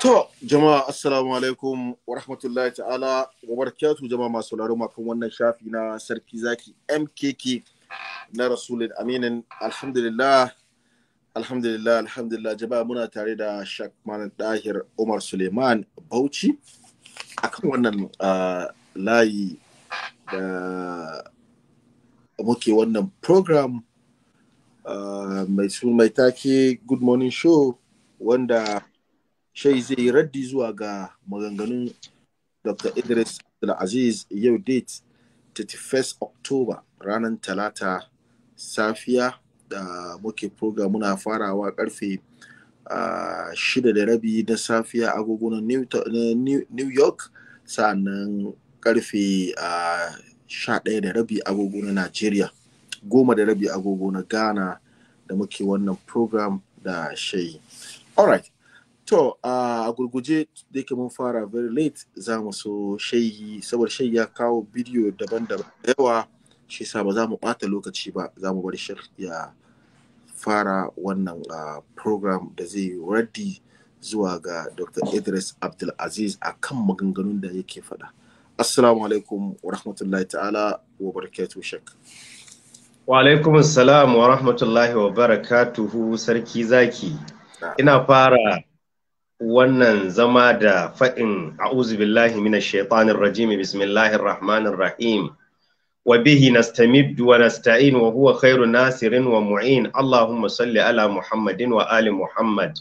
To, jama'a assalamu alaikum wa rahmatullahi ta'ala wa barakatuh jama'a masu sauraro makon wannan shafi na sarki zaki MKK na Rasulun Aminin alhamdulillah alhamdulillah alhamdulillah jama'a muna tare da Shak Malam Dahir Umar Suleiman Bauchi akan wannan uh, layi da muke wannan program uh, mai mai take Good Morning Show wanda shai zai raddi zuwa ga maganganun dr idris aziz yau date 31 october ranar talata safiya da muke program muna farawa karfe ah, shida da rabi na safiya agogo new york sannan karfe ah, sha ɗaya da rabi agogo na Najeriya, goma da rabi agogo na ghana da muke wannan program da shayi alright To, a gurguje da yake mun fara very late za mu so shayi, saboda shayi ya kawo bidiyo daban-daban da yawa shi sa ba za mu ɓata lokaci ba za mu bari shar ya fara wannan program da zai raddi zuwa ga Dr. Idris Abdulaziz a kan maganganun da yake faɗa. Assalamu alaikum wa rahmatullahi ta'ala wa barakatuhu shak. Wa alaikum salam wa rahmatullahi wa barakatuhu sarki zaki. Ina fara wannan zama da faɗin a'uzu billahi minash shaitanir rajim bismillahir rahmanir rahim wa bihi nastamiddu wa nasta'in wa huwa khairu nasirin wa mu'in allahumma salli ala muhammadin wa ali muhammad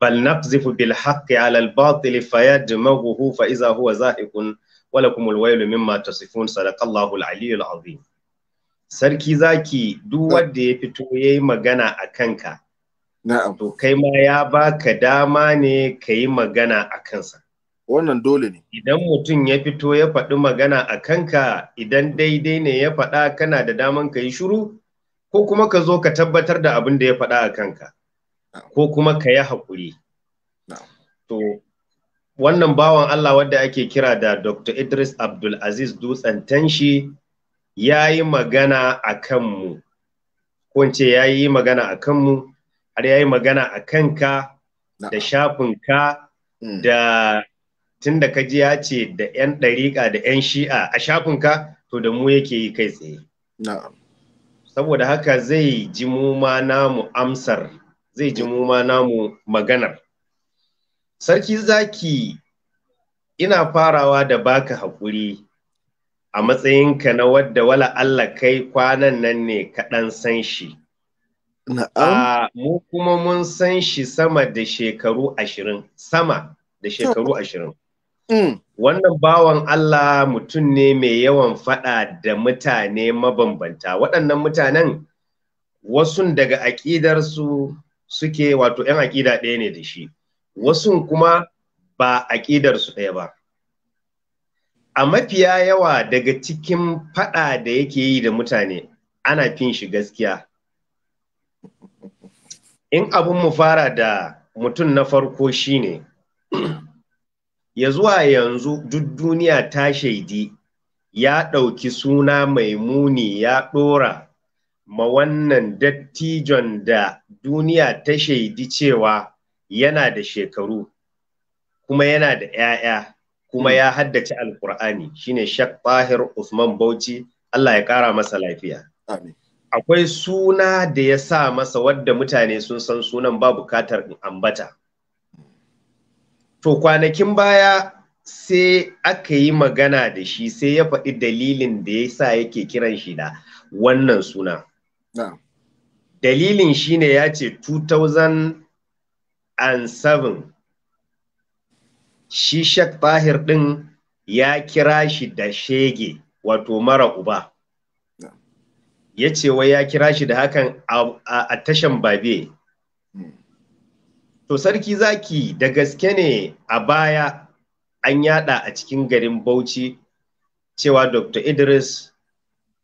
bal naqzifu bil haqqi ala al batil fayadmaghuhu fa iza huwa zahiqun wa lakumul waylu mimma tasifun sadaqallahu al aliyyul azim sarki zaki duk wanda ya fito yayi magana a kanka kai ma ya baka dama ne ka yi magana a kansa wannan dole ne idan mutum ya fito ya faɗi magana a kanka idan daidai ne ya faɗa kana da daman ka yi shuru ko kuma ka zo ka tabbatar da abin da ya faɗa a kanka ko kuma ka yi haƙuri to wannan bawan Allah wadda ake kira da Dr. Idris Abdul Aziz Dutsen Tanshi ya yi magana a kanmu ko ya yi magana a kanmu har ya yi magana a kanka da shafinka mm. da tun da kaji ya ce da 'yan ɗariƙa da 'yan shi'a a shafin ka to da mu yake yi kai tsaye. Saboda haka zai ji mu namu amsar, zai ji mu namu maganar. Sarki zaki ina farawa da baka haƙuri a matsayinka na wadda wala Allah kai kwanan nan ne kaɗan san shi. Na'am. Ah, mu kuma mun san shi sama da shekaru ashirin, sama da shekaru ashirin. Mm. Wannan bawan Allah mutum ne mai yawan faɗa da mutane mabambanta. Waɗannan mutanen wasun daga aƙidarsu suke wato 'yan aƙida ɗaya ne da shi, wasun kuma ba aƙidarsu ɗaya ba. A mafiya yawa daga cikin faɗa da yake yi da mutane, ana fin shi gaskiya. in abin mu fara da mutum na farko shine ya zuwa yanzu duk duniya ta shaidi ya ɗauki suna mai muni ya ɗora ma wannan dattijon da duniya ta shaidi cewa yana da shekaru kuma yana da 'ya'ya kuma ya haddace alkur'ani shine shak bahir usman bauchi allah ya ƙara masa lafiya Amin. akwai suna da ya sa masa wadda mutane sun san sunan ba bukatar ambata to kwanakin baya sai aka yi magana da shi sai ya faɗi dalilin da ya sa yake kiran shi da wannan suna dalilin shi ne ya ce 2007 shi shak tahir ɗin ya kira shi da shege wato mara uba ya ce wai ya kira shi da hakan a tashan babe hmm. to sarki zaki da gaske ne a baya an yada a cikin garin bauchi cewa dr idris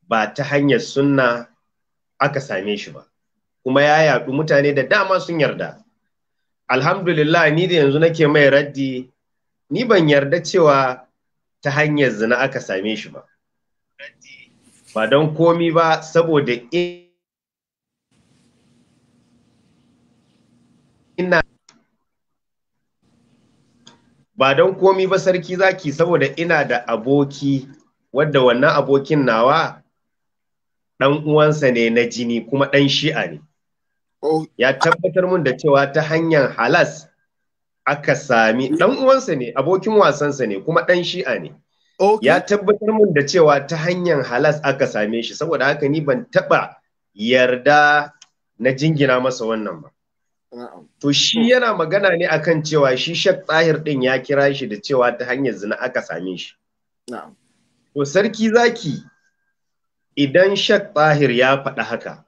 ba ta hanyar sunna aka same shi ba kuma ya yaɗu mutane da dama sun yarda alhamdulillah ni da yanzu nake mai raddi ni ban yarda cewa ta hanyar zina aka same shi ba ba don komi ba saboda ina ba don komi ba sarki zaki saboda ina da aboki wadda wannan abokin nawa ɗan uwansa ne na jini kuma ɗan shi'a ne oh. ya tabbatar mun da cewa ta hanyar halas aka sami ɗan uwansa ne abokin wasansa ne kuma ɗan shi'a ne Ya tabbatar mun da cewa ta hanyar halas aka same shi, saboda haka ni ban taɓa yarda na jingina masa wannan ba. To shi yana magana ne akan cewa shi Shek Tsahir ɗin ya kira shi da cewa ta hanyar zina aka same shi. To sarki zaki idan Shek Tsahir ya faɗa haka,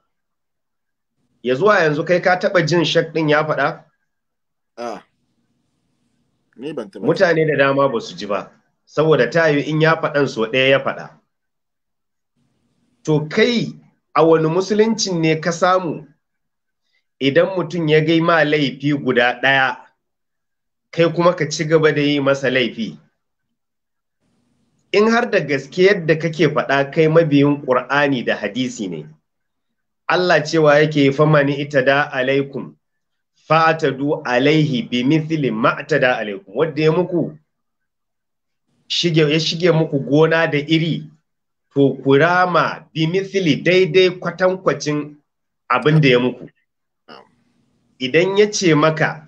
ya zuwa yanzu kai ka taɓa jin Shek ɗin ya faɗa? Ah. Mutane da dama ba su ji ba. saboda ta yi in ya faɗan so ɗaya ya faɗa to kai a wani musuluncin ne ka samu idan mutum ya gai ma laifi guda ɗaya kai kuma ka ci gaba da yi masa laifi in har da gaske yadda kake faɗa kai mabiyin ƙur'ani da hadisi ne Allah cewa yake famani ita da alaikum fa'atadu alaihi bi mithli ma'tada alaikum wanda ya muku shige ya shige muku gona da iri to ku bi misili daidai kwatankwacin abin da ya muku idan ya ce maka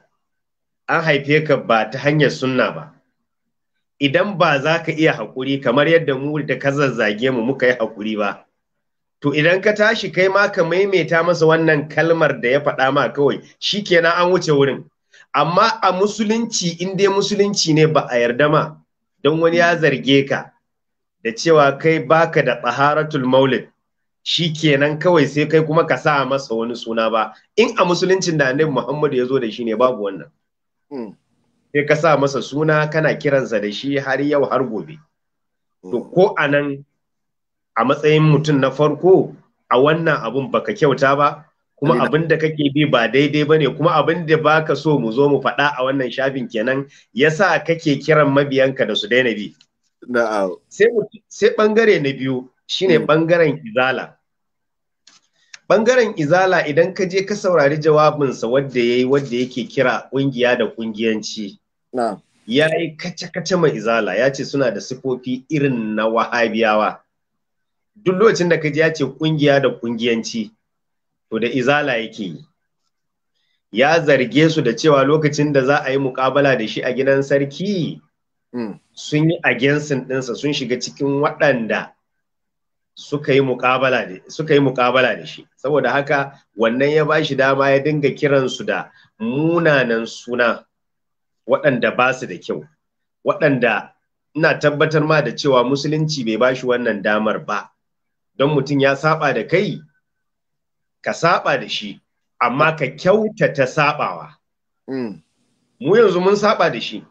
an haife ka ba ta hanyar sunna ba idan ba za ka iya haƙuri kamar yadda mu da ka zazzage mu muka yi haƙuri ba to idan ka tashi kai ma ka maimaita masa wannan kalmar da ya faɗa ma kawai shi kenan an wuce wurin amma a musulunci in dai musulunci ne ba a yarda ma don wani ya zarge ka da cewa kai baka da tsaharatul maulid shi kenan kawai sai kai kuma ka sa masa wani suna ba in a musuluncin da annabi muhammadu ya zo da shi ne babu wannan hmm. sai ka sa masa suna kana kiransa da shi har yau har gobe hmm. to ko a nan a matsayin mutum na farko a wannan abun baka kyauta ba kuma abin da kake bi ba daidai ba ne kuma abin da ba ka so mu zo mu faɗa a wannan shafin kenan ya sa kake kiran mabiyanka da su daina bi sai ɓangare na biyu shine mm. ɓangaren izala Ɓangaren izala idan ka je ka saurari jawabinsa wadda ya yi wadda yake kira ƙungiya da ƙungiyanci ya yi kace-kace mai izala ya ce suna da sifofi irin na wahabiyawa duk lokacin da ka ji ya ce ƙungiya da ƙungiyanci to da izala yake yi ya zarge su da cewa lokacin da za a yi mukabala da shi a gidan sarki mm. sun yi agensin ɗinsa sun shiga cikin waɗanda suka yi mukabala da shi saboda haka wannan ya ba shi dama ya dinga kiransu da munanan suna waɗanda ba su da kyau waɗanda ina tabbatar ma da cewa musulunci bai ba shi wannan damar ba don mutum ya saba da kai ka saba da shi amma ka kyautata sabawa mm. mu yanzu mun saba da shi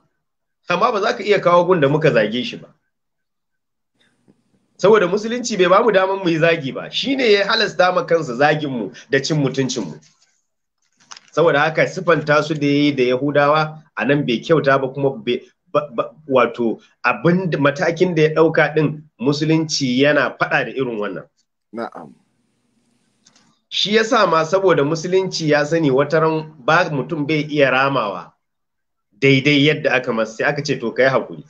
amma ba za ka iya kawo gun da muka zage shi ba saboda musulunci bai bamu daman mu yi zagi ba shi ne ya halasta ma kansa zaginmu da cin mutuncinmu. saboda haka sifanta su da yi da yahudawa a nan bai kyauta ba kuma wato abin matakin da ya ɗauka din musulunci yana faɗa da irin wannan na'am shi ya sa ma saboda musulunci ya sani wata ran ba mutum bai iya ramawa daidai yadda aka masu sai aka ce to kai hakuri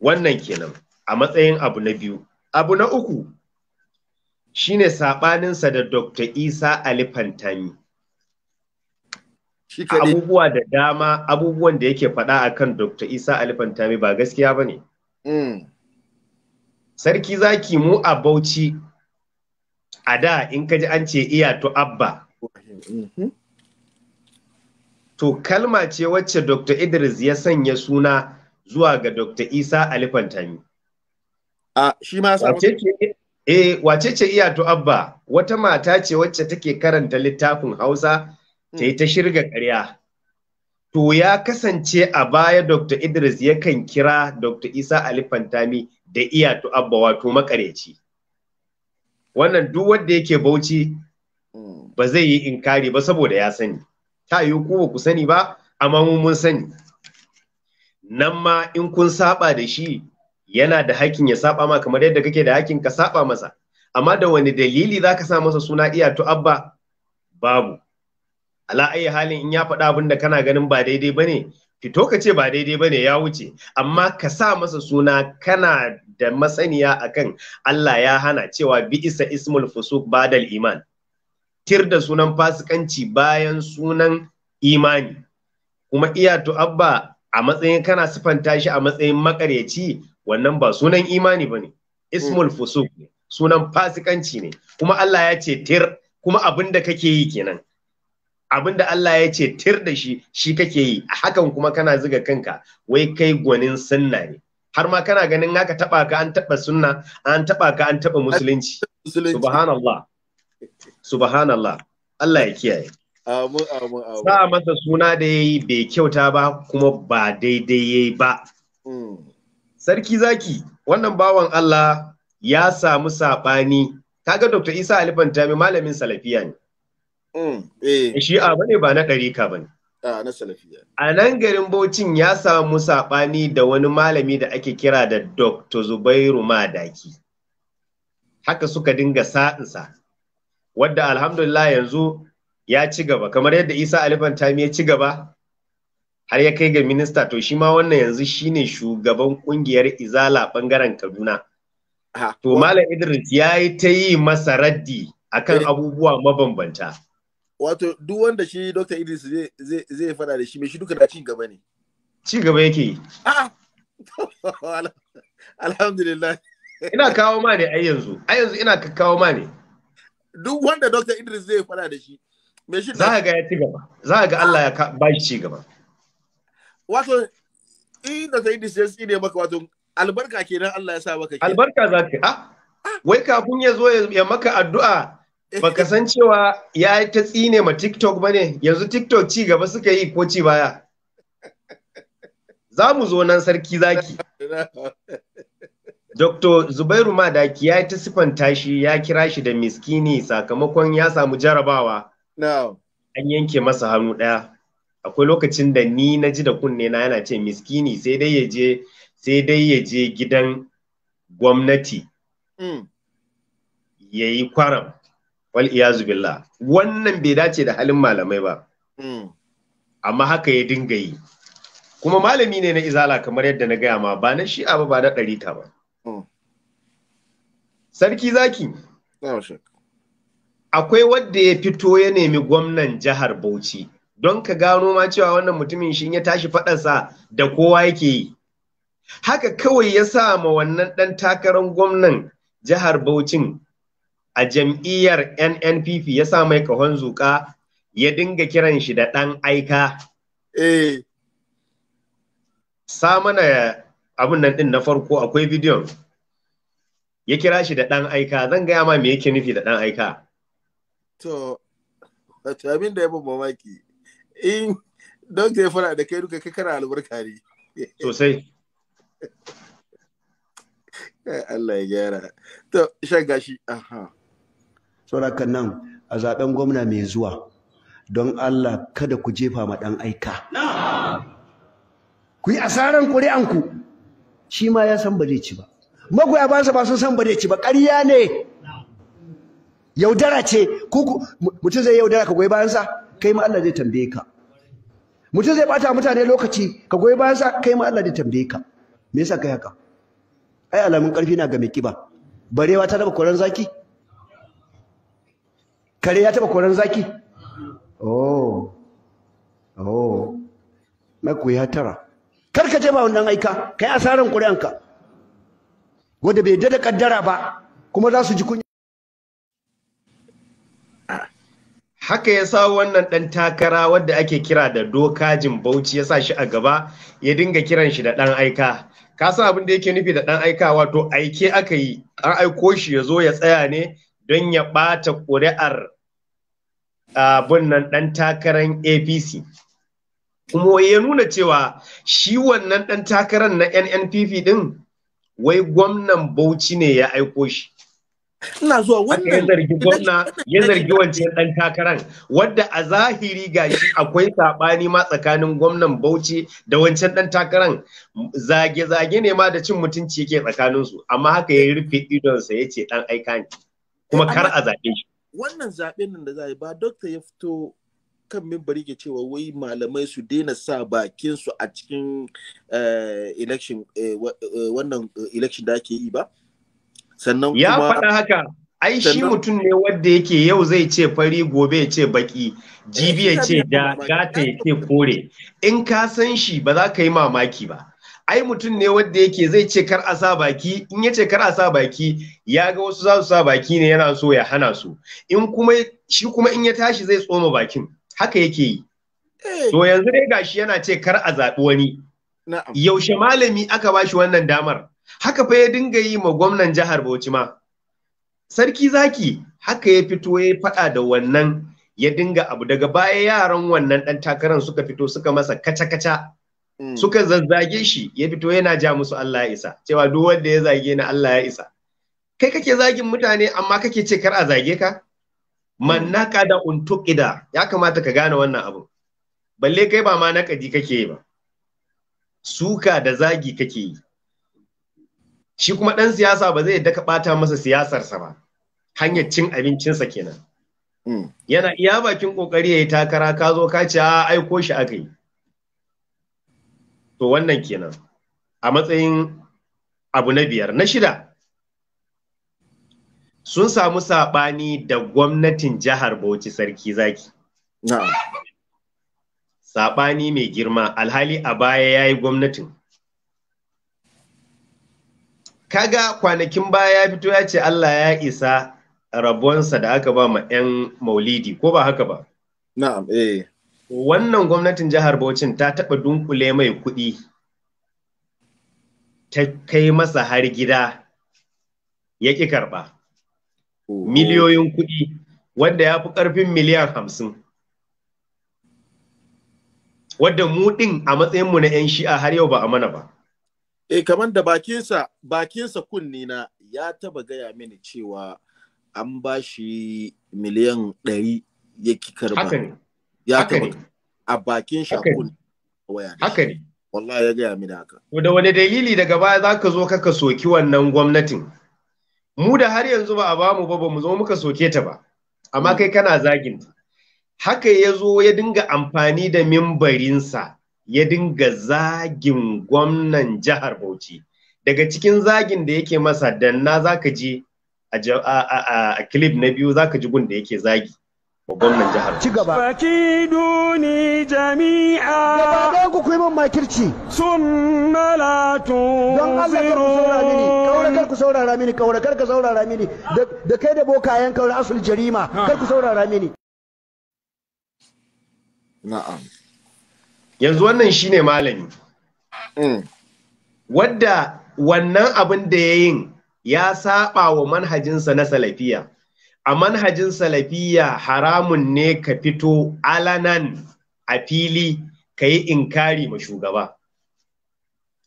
wannan kenan a matsayin abu na biyu abu na uku shine sabaninsa da dr isa ali fantami abubuwa da dama abubuwan da yake faɗa akan dr isa ali fantami ba gaskiya ba ne mm. sarki zaki mu a bauchi a da in ka ji an ce iya to abba mhm. to kalma ce wacce dr idris ya sanya suna zuwa ga dr isa alifantami a shi ma eh wace ce iya to abba wata mata ce wacce take karanta littafin hausa ta yi ta mm. shirga karya. to ya kasance a baya dr idris yakan kira dr isa alifantami da iya to abba wato makareci wannan duk wanda yake bauchi hmm. ba zai yi inkari ba saboda ya sani ta yi ku ku sani ba amma mun sani nan ma in kun saba da shi yana da hakkin ya saba ma kamar yadda kake da hakkin ka saba masa amma da wani dalili zaka sa masa suna iya to abba babu ala ayi halin in ya faɗa abin da kana ganin ba daidai bane fito ka ce ba daidai ba ne ya wuce amma ka sa masa suna kana da masaniya akan Allah ya hana cewa bi isa ismul fusuk badal iman tir da sunan fasikanci bayan sunan imani kuma iya abba a matsayin kana sifanta shi a matsayin makaryaci wannan ba sunan imani ba ne ismul fusuk ne sunan fasikanci ne kuma Allah ya ce tir kuma abin da kake yi kenan Abin da Allah ya ce tir da shi shi kake yi hakan kuma kana ziga kanka wai kai gwanin sunna ne har ma kana ganin haka taba ka an taba sunna an taba ka an taba musulunci subhanallah subhanallah Allah ya kiyaye amin amin amin sa masa suna da yayi bai kyauta ba kuma ba daidai yayi ba hmm. sarki zaki wannan bawan Allah ya samu sabani kaga Dr. Isa Tami malamin salafiya ne Shi mm, eh. ba ne ba na ɗarika ba ne. A nan garin Bocin ya samu saɓani da wani malami da ake kira da Dr. Zubairu Madaki. Haka suka dinga sa'insa, wadda alhamdulillah yanzu ya ci gaba, kamar yadda Isa Alifan Tami ya ci gaba, har ya kai ga minista to shi ma wannan yanzu shine shugaban kungiyar Izala bangaren Kaduna. To Malam Idris ya yi ta yi masa raddi akan eh. abubuwa mabambanta. wato duk wanda shi Dr. Idris zai fada da shi mai shi duka da cin gaba ne. Cin gaba yake. Alhamdulillah. Ina kawo ma ne ai yanzu. Ai yanzu ina kawo ma ne. Duk wanda Dr. Idris zai fada da shi. Mai shi Za ga ya ci gaba. Za ga Allah ya ba shi ci gaba. Wato in Dr. Idris ya tsine maka wato albarka kenan Allah ya sa maka. Albarka za ka. Ah, wai kafin ya zo ya maka addu'a baka san cewa ya yi ta tsine ma TikTok ba ne? yanzu TikTok ci gaba suka yi ko ci baya za mu zo nan sarki zaki Dr. Zubairu Madaki ya yi ta sifanta shi ya kira shi da miskini sakamakon ya samu jarabawa. An yanke masa hannu ɗaya. Akwai lokacin da ni na ji da kunne na yana ce miskini sai dai ya je sai dai ya gidan gwamnati. Mm. Ya yi kwaram. wal iyazu billah wannan bai dace da halin malamai ba hmm. amma haka ya dinga yi kuma malami ne na izala kamar yadda na gaya ma ba na shi'a ba ba na ɗarita. ba hmm. sarki zaki akwai wadda ya fito ya nemi gwamnan jihar bauchi don ka gano ma cewa wannan mutumin shi ya tashi faɗansa da kowa yake yi haka kawai ya sa ma wannan ɗan takarar gwamnan jihar Bauchin a jam'iyyar NNPP ya sa mai kahon zuka ya dinga kiran shi da ɗan aika. Eh. mana abin nan ɗin na farko akwai bidiyon. Ya kira shi da ɗan aika zan gaya ma me yake nufi da ɗan aika. To, wato abin da ya ban mamaki. In don ya fara da kai duka kai kana albarka ne. Sosai. Allah ya gyara. To, shan gashi. Aha. saboda nan a zaben gwamna mai zuwa don Allah kada ku jefa ma dan aika ku yi asaran ƙuri'anku shi ma ya san ba zai ci ba magoya ba su ba sun san ba zai ci ba ƙarya ne yaudara ce ku mutum zai yaudara ka goyi bayansa kai ma Allah zai tambaye ka mutum zai bata mutane lokaci ka goyi bayansa kai ma Allah zai tambaye ka me yasa kai haka ai alamun ƙarfi na ga mai kiba barewa ta raba koran zaki kare ya taba koran zaki oh oh maku ya tara kar ka je ba wannan aika kai asaran ƙuri'anka wanda bai dada kaddara ba kuma za su ji kunya haka ya sa wannan ɗan takara wadda ake kira da dokajin bauchi ya sa shi a gaba ya dinga kiran shi da ɗan aika ka san abin da yake nufi da ɗan aika wato aike aka yi an aiko shi ya zo ya tsaya ne don ya ɓata ƙuri'ar abin nan ɗan takaran apc kuma ya nuna cewa shi wannan ɗan takarar na nnpp ɗin wai gwamnan bauchi ne ya aiko shi ina zuwa wannan ya zargi ya zargi wancan ɗan takarar wadda a zahiri gashi akwai saɓani ma tsakanin gwamnan bauchi da wancan ɗan takaran zage-zage ne ma da cin mutunci yake tsakaninsu amma haka ya rufe idonsa ya ce ɗan aika ne kuma kar a zaɓe shi wannan zaɓen nan da za a yi ba dokta ya fito kan mimbari ke cewa wai malamai su daina sa bakin su a cikin eh, election eh, eh, wannan election da ake yi ba sannan ya faɗa haka ai shi mutum ne wanda yake yau zai ce fari gobe ya ce baki jibi ya ce da gata ya ce kore in ka san shi ba za ka yi mamaki ba ai mutum ne wanda yake zai ce kar a sa baki in ya ce kar a sa baki ya ga wasu za su sa baki ne yana so ya hana su in kuma shi kuma in ya tashi zai tsoma bakin haka yake yi eh. to yanzu dai gashi yana ce kar a zaɓi wani yaushe malami aka ba shi wannan damar haka fa ya dinga yi ma gwamnan jihar Bauchi ma sarki zaki haka ya fito ya faɗa da wannan ya dinga abu daga baya yaran wannan ɗan takarar suka fito suka masa kaca-kaca Mm. suka zazzage shi ya fito yana ja musu Allah ya isa cewa duk wanda ya zage ni Allah ya isa kai kake zagin mutane amma kake ce kar a zage ka man mm. naka da untuqida ya kamata ka gane wannan abu balle kai ba ma nakadi kake ba suka da zagi kake yi shi kuma dan siyasa ba zai daka ka bata masa sa ba hanyar cin abincinsa kenan mm. yana iya bakin kokari ya yi takara ka zo ka ce ai ko shi aka yi to wannan kenan a matsayin abu na biyar na shida sun samu saɓani da gwamnatin jihar Bauchi sarki zaki. Na'am. Saɓani mai girma alhali a baya ya yi gwamnatin. Kaga kwanakin baya ya fito ya ce Allah ya isa rabonsa da aka ba ma 'yan maulidi ko ba haka ba? Na'am, eh. wannan gwamnatin jihar Bauchin ta taɓa dunkule mai kuɗi ta kai masa har gida ya ƙi karɓa. Miliyoyin kuɗi wadda ya fi ƙarfin miliyan hamsin. Wadda mu a matsayinmu na 'yan shi'a har yau ba a mana ba. E eh, kamar da bakinsa, bakinsa kunni na ya taba gaya mini cewa an ba shi miliyan ɗari ya ƙi karɓa. ya a bakin shakun haka ne wallahi ya gaya mini haka to da wani dalili daga baya zaka zo kaka soki wannan gwamnatin mu da har yanzu ba a bamu ba ba mu zo muka soke ta ba amma mm. kai kana zaginta haka ya zo ya dinga amfani da mimbarinsa ya dinga zagin gwamnan jihar Bauchi daga cikin zagin da yake masa danna zaka ji a, a, clip na biyu zaka ji gun da yake zagi gwamnan jihar ci gaba fakiduni jami'a gaba ɗaya ku kuyi min makirci summa la don Allah kar ku saurara mini kaura kar ku saurara mini kaura kar ka saurara mini da kai da bokayen kaura asul jarima kar ku saurara mini na'am yanzu wannan shine malami mm. wadda wannan abin da ya yin ya saba wa manhajinsa na salafiya a manhajin salafiya haramun ne ka fito alanan a fili ka yi inkari ma shugaba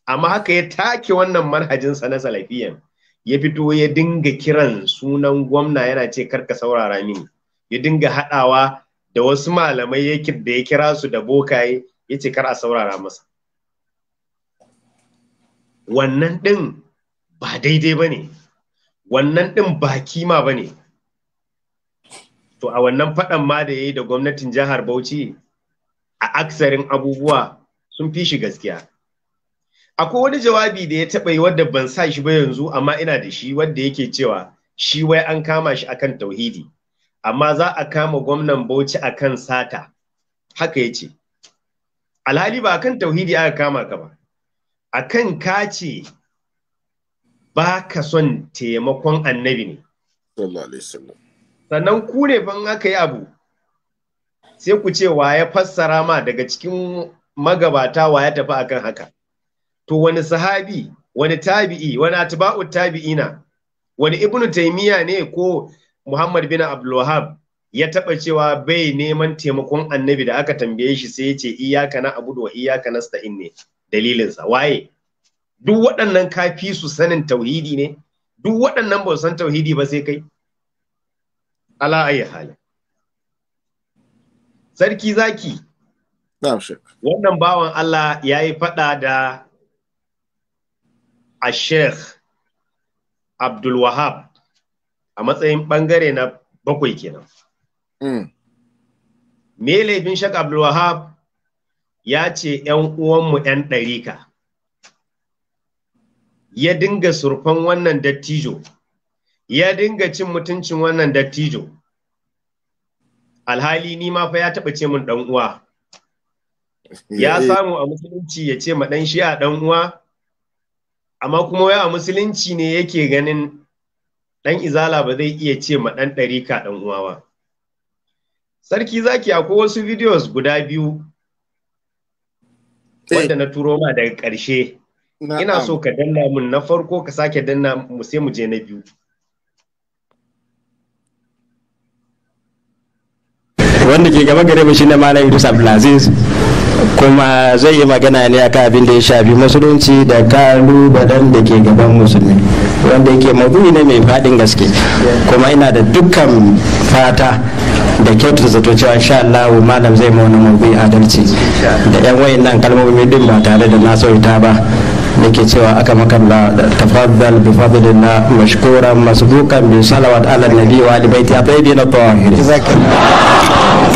amma haka ya take wannan manhajinsa na salafiyan ya fito ya dinga kiran sunan gwamna yana ce karka saurara mini ya dinga haɗawa da wasu malamai da ya kira su da bokaye ya ce kar a saurara masa wannan ɗin ba daidai ba ne wannan ɗin ba kima ba ne to a wannan faɗan ma da ya yi da gwamnatin jihar Bauchi a aksarin abubuwa sun fi shi gaskiya. Akwai wani jawabi da ya taɓa yi wadda ban sa shi ba yanzu amma ina da shi wanda yake cewa shi wai an kama shi akan tauhidi amma za a kama gwamnan Bauchi akan sata haka ya Alhali ba akan tauhidi aka kama ka ba. Akan kace ba ka son taimakon annabi ne. Sallallahu sannan ku ne ban aka yi abu sai ku ce wa ya fassara ma daga cikin magabata wa ya tafi akan haka to wani sahabi wani tabi'i wani atba'u tabi'ina wani ibnu taymiya ne ko muhammad bin abdulwahab ya taba cewa bai neman taimakon annabi da aka tambaye shi sai ya ce iyaka na abudu wa iyaka nasta'in ne dalilinsa waye duk waɗannan kafi su sanin tauhidi ne duk waɗannan ba su san tauhidi ba sai kai ala ayi hali sarki zaki wannan bawan Allah ya yi faɗa da a sheikh abdul a matsayin ɓangare na bakwai kenan mm. me laifin sheikh abdul ya ce ‘yan uwanmu ‘yan ɗarika’ ya dinga surfan wannan dattijo ya dinga cin mutuncin wannan dattijo alhali ni ma fa ya taɓa ce min ɗan uwa ya eh. samu a musulunci ya ce ma ɗan shi a ɗan uwa amma kuma wai a musulunci ne yake ganin ɗan izala ba zai iya ce ma ɗan ɗarika ɗan uwa ba sarki zaki akwai wasu videos guda biyu eh. wanda na turo ma daga ƙarshe ina so ka danna mun na farko ka sake danna mu sai mu je na biyu wanda ke gaba gare mu shine malam Idris Abdulaziz kuma zai yi magana ne akan abin da ya shafi musulunci da badan da ke gaban musulmi wanda yake mabuyi ne mai faɗin gaske kuma ina da dukkan fata da kyautar zato cewa insha Allah malam zai mauna mabuyi adalci da yan wayan nan kalmomi din ba tare da na sauta ba nake cewa aka makalla tafaddal bi fadlillah mashkuran masbuqan bi salawat ala nabi wa ali baiti at-tayyibin at-tahirin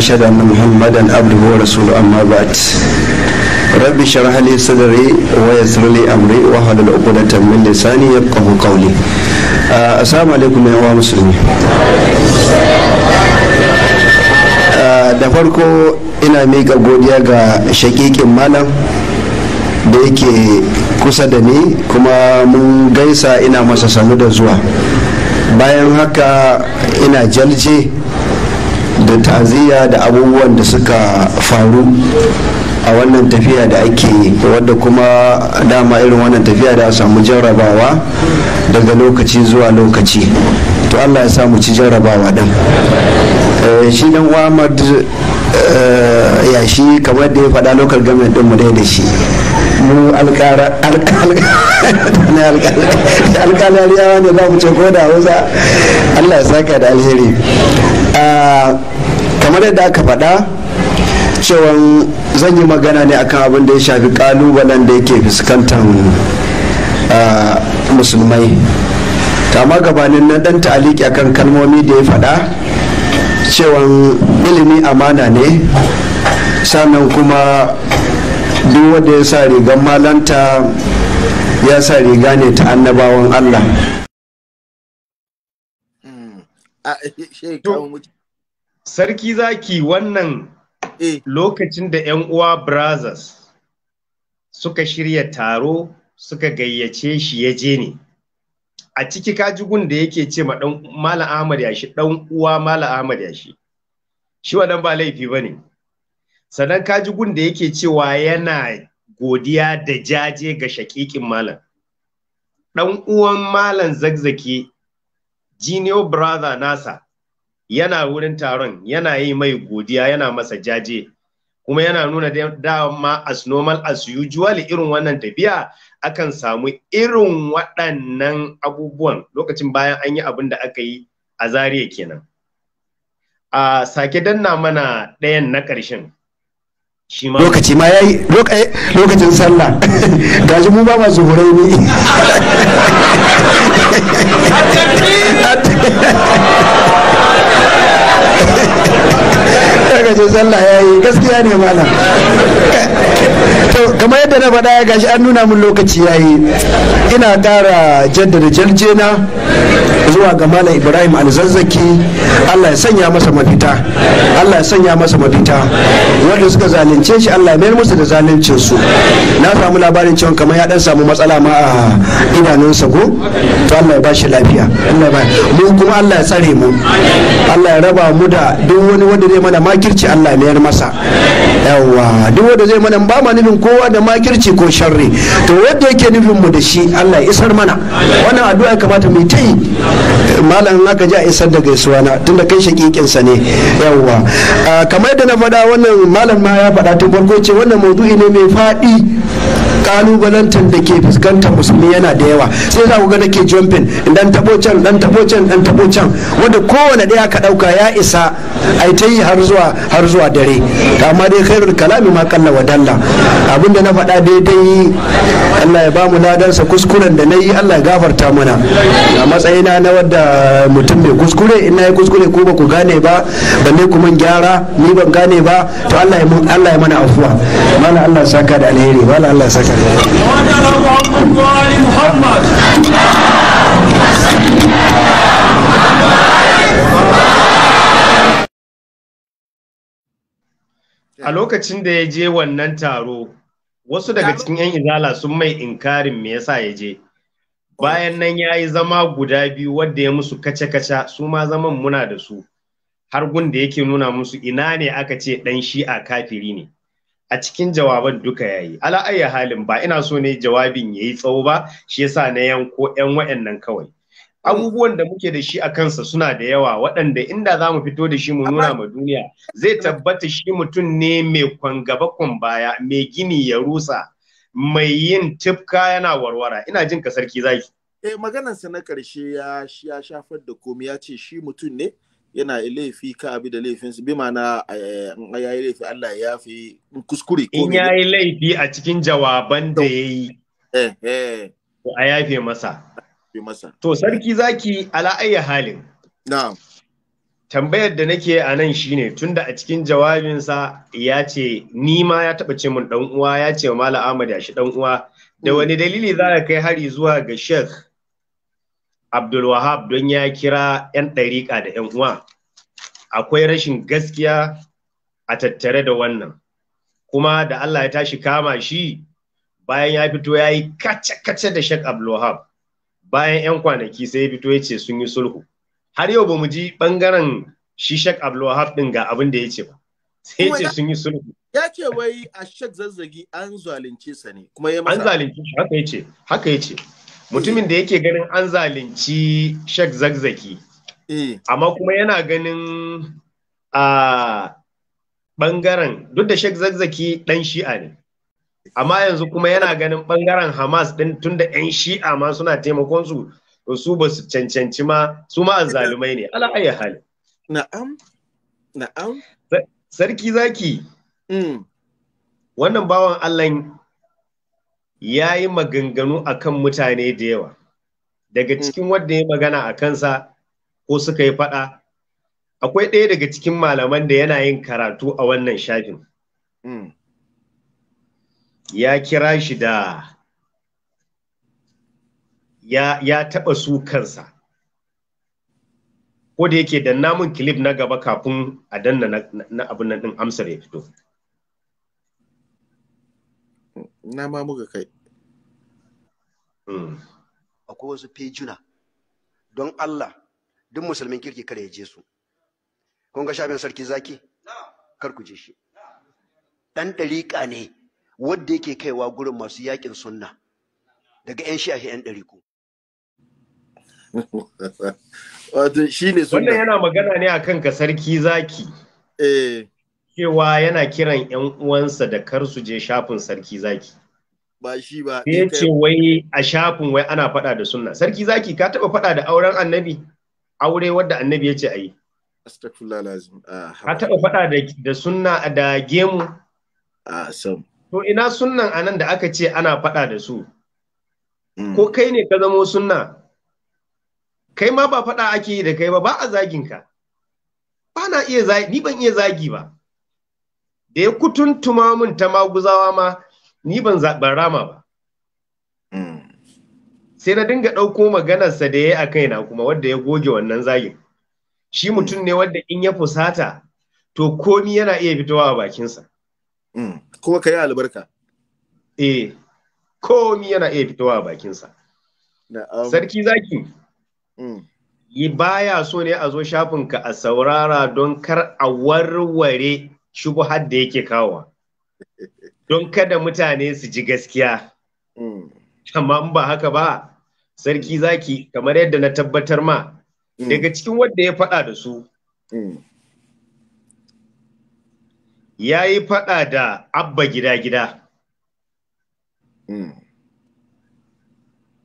أشهد أن محمدا عبده ورسوله أما بعد رب اشرح لي صدري ويسر لي أمري واحلل عقدة من لساني يفقه قولي السلام عليكم يا مسلمين da farko ina miƙa godiya ga shakikin malam da yake kusa da ni kuma mun gaisa ina masa sanu da zuwa bayan haka ina jalje da ta'aziyya da abubuwan da suka faru a wannan tafiya da ake wadda kuma dama irin wannan tafiya da samu jarrabawa daga lokaci zuwa lokaci to allah ya samu ci jarrabawa din eh, shi dan muhammad eh, ya shi kamar da ya faɗa lokal gamin din mu da shi mu alƙara alƙalariyawa ne za mu ce ko da hausa allah ya saka da alheri ah, kamar yadda aka faɗa cewa zan yi magana ne akan abin da ya shafi kalubalen da yake fuskantar musulmai amma gabanin na dan ta'aliki akan kalmomi da ya faɗa cewa ilimi amana ne sannan kuma duk wanda ya sa rigar malanta ya sa riga ne ta annabawan allah hmm. Sarki zaki wannan eh. lokacin da 'yan uwa brothers suka shirya taro suka gayyace shi ya je ne. A ciki kajigun da yake ce ma ɗan Ahmad shi ɗan uwa Malam Ahmad ya Shi Shi wannan ba laifi ba ne. Sannan kajigun da yake cewa yana godiya da jaje ga shakikin Malam. Ɗan uwan Malam zagzake, junior brother nasa, yana wurin taron yana yi mai godiya yana masa jaje kuma yana nuna dama as normal as usual irin wannan tafiya akan samu irin waɗannan abubuwan lokacin bayan an yi abin da aka yi a zariya kenan a sake danna mana ɗayan na ƙarshen Lokaci ma lokaci ma lokacin sallah gaji mu ba ma hurai ne daga ce sallah ya yi gaskiya ne malam to kamar yadda na faɗa ya gashi an nuna min lokaci ya yi. ina ƙara jaddada jaljena zuwa ga malam ibrahim alzazzaki allah ya sanya masa mafita allah ya sanya masa mafita wanda suka zalunce shi allah ya mayar musu da zaluncin su na samu labarin cewa kamar ya dan samu matsala ma a idanunsa ko to allah ya ba shi lafiya allah ya mu kuma allah ya tsare mu allah ya raba mu da duk wani wanda zai mana makirci allah ya mayar masa yawwa duk wanda zai mana ba ma nufin ko kowa da makirci ko sharri to yadda yake nufin mu da shi Allah ya isar mana wannan addu'a kamata mu ta yi malam ka ji a isar da gaisuwa na tunda kai shakikin sa ne yawwa ah, kamar yadda na faɗa wannan malam ma ya faɗa tun farko ce wannan mawdu'i ne mai faɗi kalubalantar da ke fuskantar musulmi yana da yawa sai za ku ga nake jumping dan tabo can dan tabo can dan tabo can wanda kowane ɗaya ka ɗauka ya isa ai ta yi har zuwa har zuwa dare amma dai khairul kalami ma kalla wadalla abinda na faɗa daidai Allah ya ba mu ladansa kuskuren da na yi Allah ya gafarta mana a matsayina na wadda mutum mai kuskure in na yi kuskure ko ba ku gane ba balle kuma gyara ni ban gane ba to Allah ya mana afuwa mala Allah saka da alheri mala Allah saka a lokacin da ya je wannan taro wasu daga cikin 'yan izala sun mai inkarin me yasa ya je bayan nan ya yi zama guda biyu wadda ya musu kace-kace su ma zaman muna da su har gun da yake nuna musu ina ne aka ce ɗan shi a kafiri ne a cikin jawaban duka yayi ala ayya halin ba ina so ne jawabin yayi tsawo ba shi yasa na yanko yan wayannan kawai abubuwan da muke da shi a kansa suna da yawa waɗanda inda za mu fito da shi mu nuna ma duniya zai tabbata shi mutum ne mai kwangaba kwan baya mai gini ya rusa mai yin tifka yana warwara ina jin ka sarki zaki eh maganarsa na karshe ya shafar da komai ya ce shi mutum ne yana laifi ka abi da laifinsu bi mana a eh, ya yi laifi Allah ya fi kuskure ko in ya yi laifi a cikin jawaban da ya yi eh, eh. a yafe masa masa to sarki zaki ala ayya halin na'am tambayar da nake a nan shine tunda a cikin jawabinsa ya ce ni ma ya taba ce mun dan uwa ya ce mala Ahmad ya shi dan uwa da mm. wani dalili za ka kai hari zuwa ga Sheikh Abdulwahab don ya kira 'yan ɗariƙa da 'yan uwa akwai rashin gaskiya a tattare da wannan kuma da Allah ya tashi kama shi bayan ya fito ya yi kace-kace da Sheikh Abdulwahab bayan 'yan kwanaki sai ya fito ya ce sun yi sulhu har yau ba mu ji ɓangaren shi Sheikh Abdulwahab ɗin ga abin da ya ce ba sai ya ce sun yi sulhu ya ce wai a Sheikh zazzagi an zalunce sa ne kuma ya masa an zalunce haka ya ce haka ya ce mutumin da yake ganin an zalunci shek zagzaki eh. amma kuma yana ganin a bangaren duk da shek zagzaki dan shi'a ne amma yanzu kuma yana ganin bangaren hamas din tunda yan shi'a ma suna taimakon su su ba su cancanci ma su ma zalumai ne ala ayi hali na'am na'am sarki zaki mm. wannan bawan allah ya yi maganganu a kan mutane da yawa daga hmm. cikin wanda ya magana a kansa ko suka yi faɗa akwai ɗaya daga cikin malaman da yana yin karatu a wannan shafin hmm. ya kira shi da ya, taɓa su kansa ko da yake da namun kilif na gaba kafin a danna na, abin nan ɗin amsar ya fito na ma muka kai hmm. akwai wasu fejuna don Allah duk musulmin kirki kare ya je su kun ga shafin sarki zaki kar ku je shi dan dariƙa ne wanda yake kaiwa gurin masu yakin sunna daga yan shahi yan dariku wato shine sunna wannan yana magana ne akan ka sarki zaki eh cewa yana kiran ‘yan uwansa da kar su je shafin sarki zaki. Ba shi ba. ya ce wai a shafin wai ana faɗa da sunna. Sarki zaki ka taɓa faɗa da auren annabi? Aure wadda annabi ya ce a yi. lazim. Ah, ka taɓa faɗa da sunna da gemu? A ah, sam. To ina sunnan anan da aka ce ana faɗa da su. Hmm. Ko kai ne ka zamo sunna? Kai ma ba faɗa ake yi da kai ba ba a zagin ka. Ba na iya zagi, ni ban iya zagi ba. da ya kutuntuma mun ta maguzawa ma ni ban zaɓen rama ba hmm. sai na dinga ɗauko maganarsa da ya yi a kaina kuma wadda ya goge wannan zagin shi hmm. mutum ne wadda in ya fusata to komi yana iya fitowa a bakinsa hmm. kuma ka yi albarka eh komi yana iya fitowa a bakinsa sarki zaki yi baya so ne a zo shafinka a saurara don kar a warware shubuhar da yake kawo don kada mutane su ji gaskiya hmm. amma ba haka ba sarki zaki kamar yadda na tabbatar ma hmm. daga cikin wanda ya faɗa da su hmm. ya yi faɗa da abba gida-gida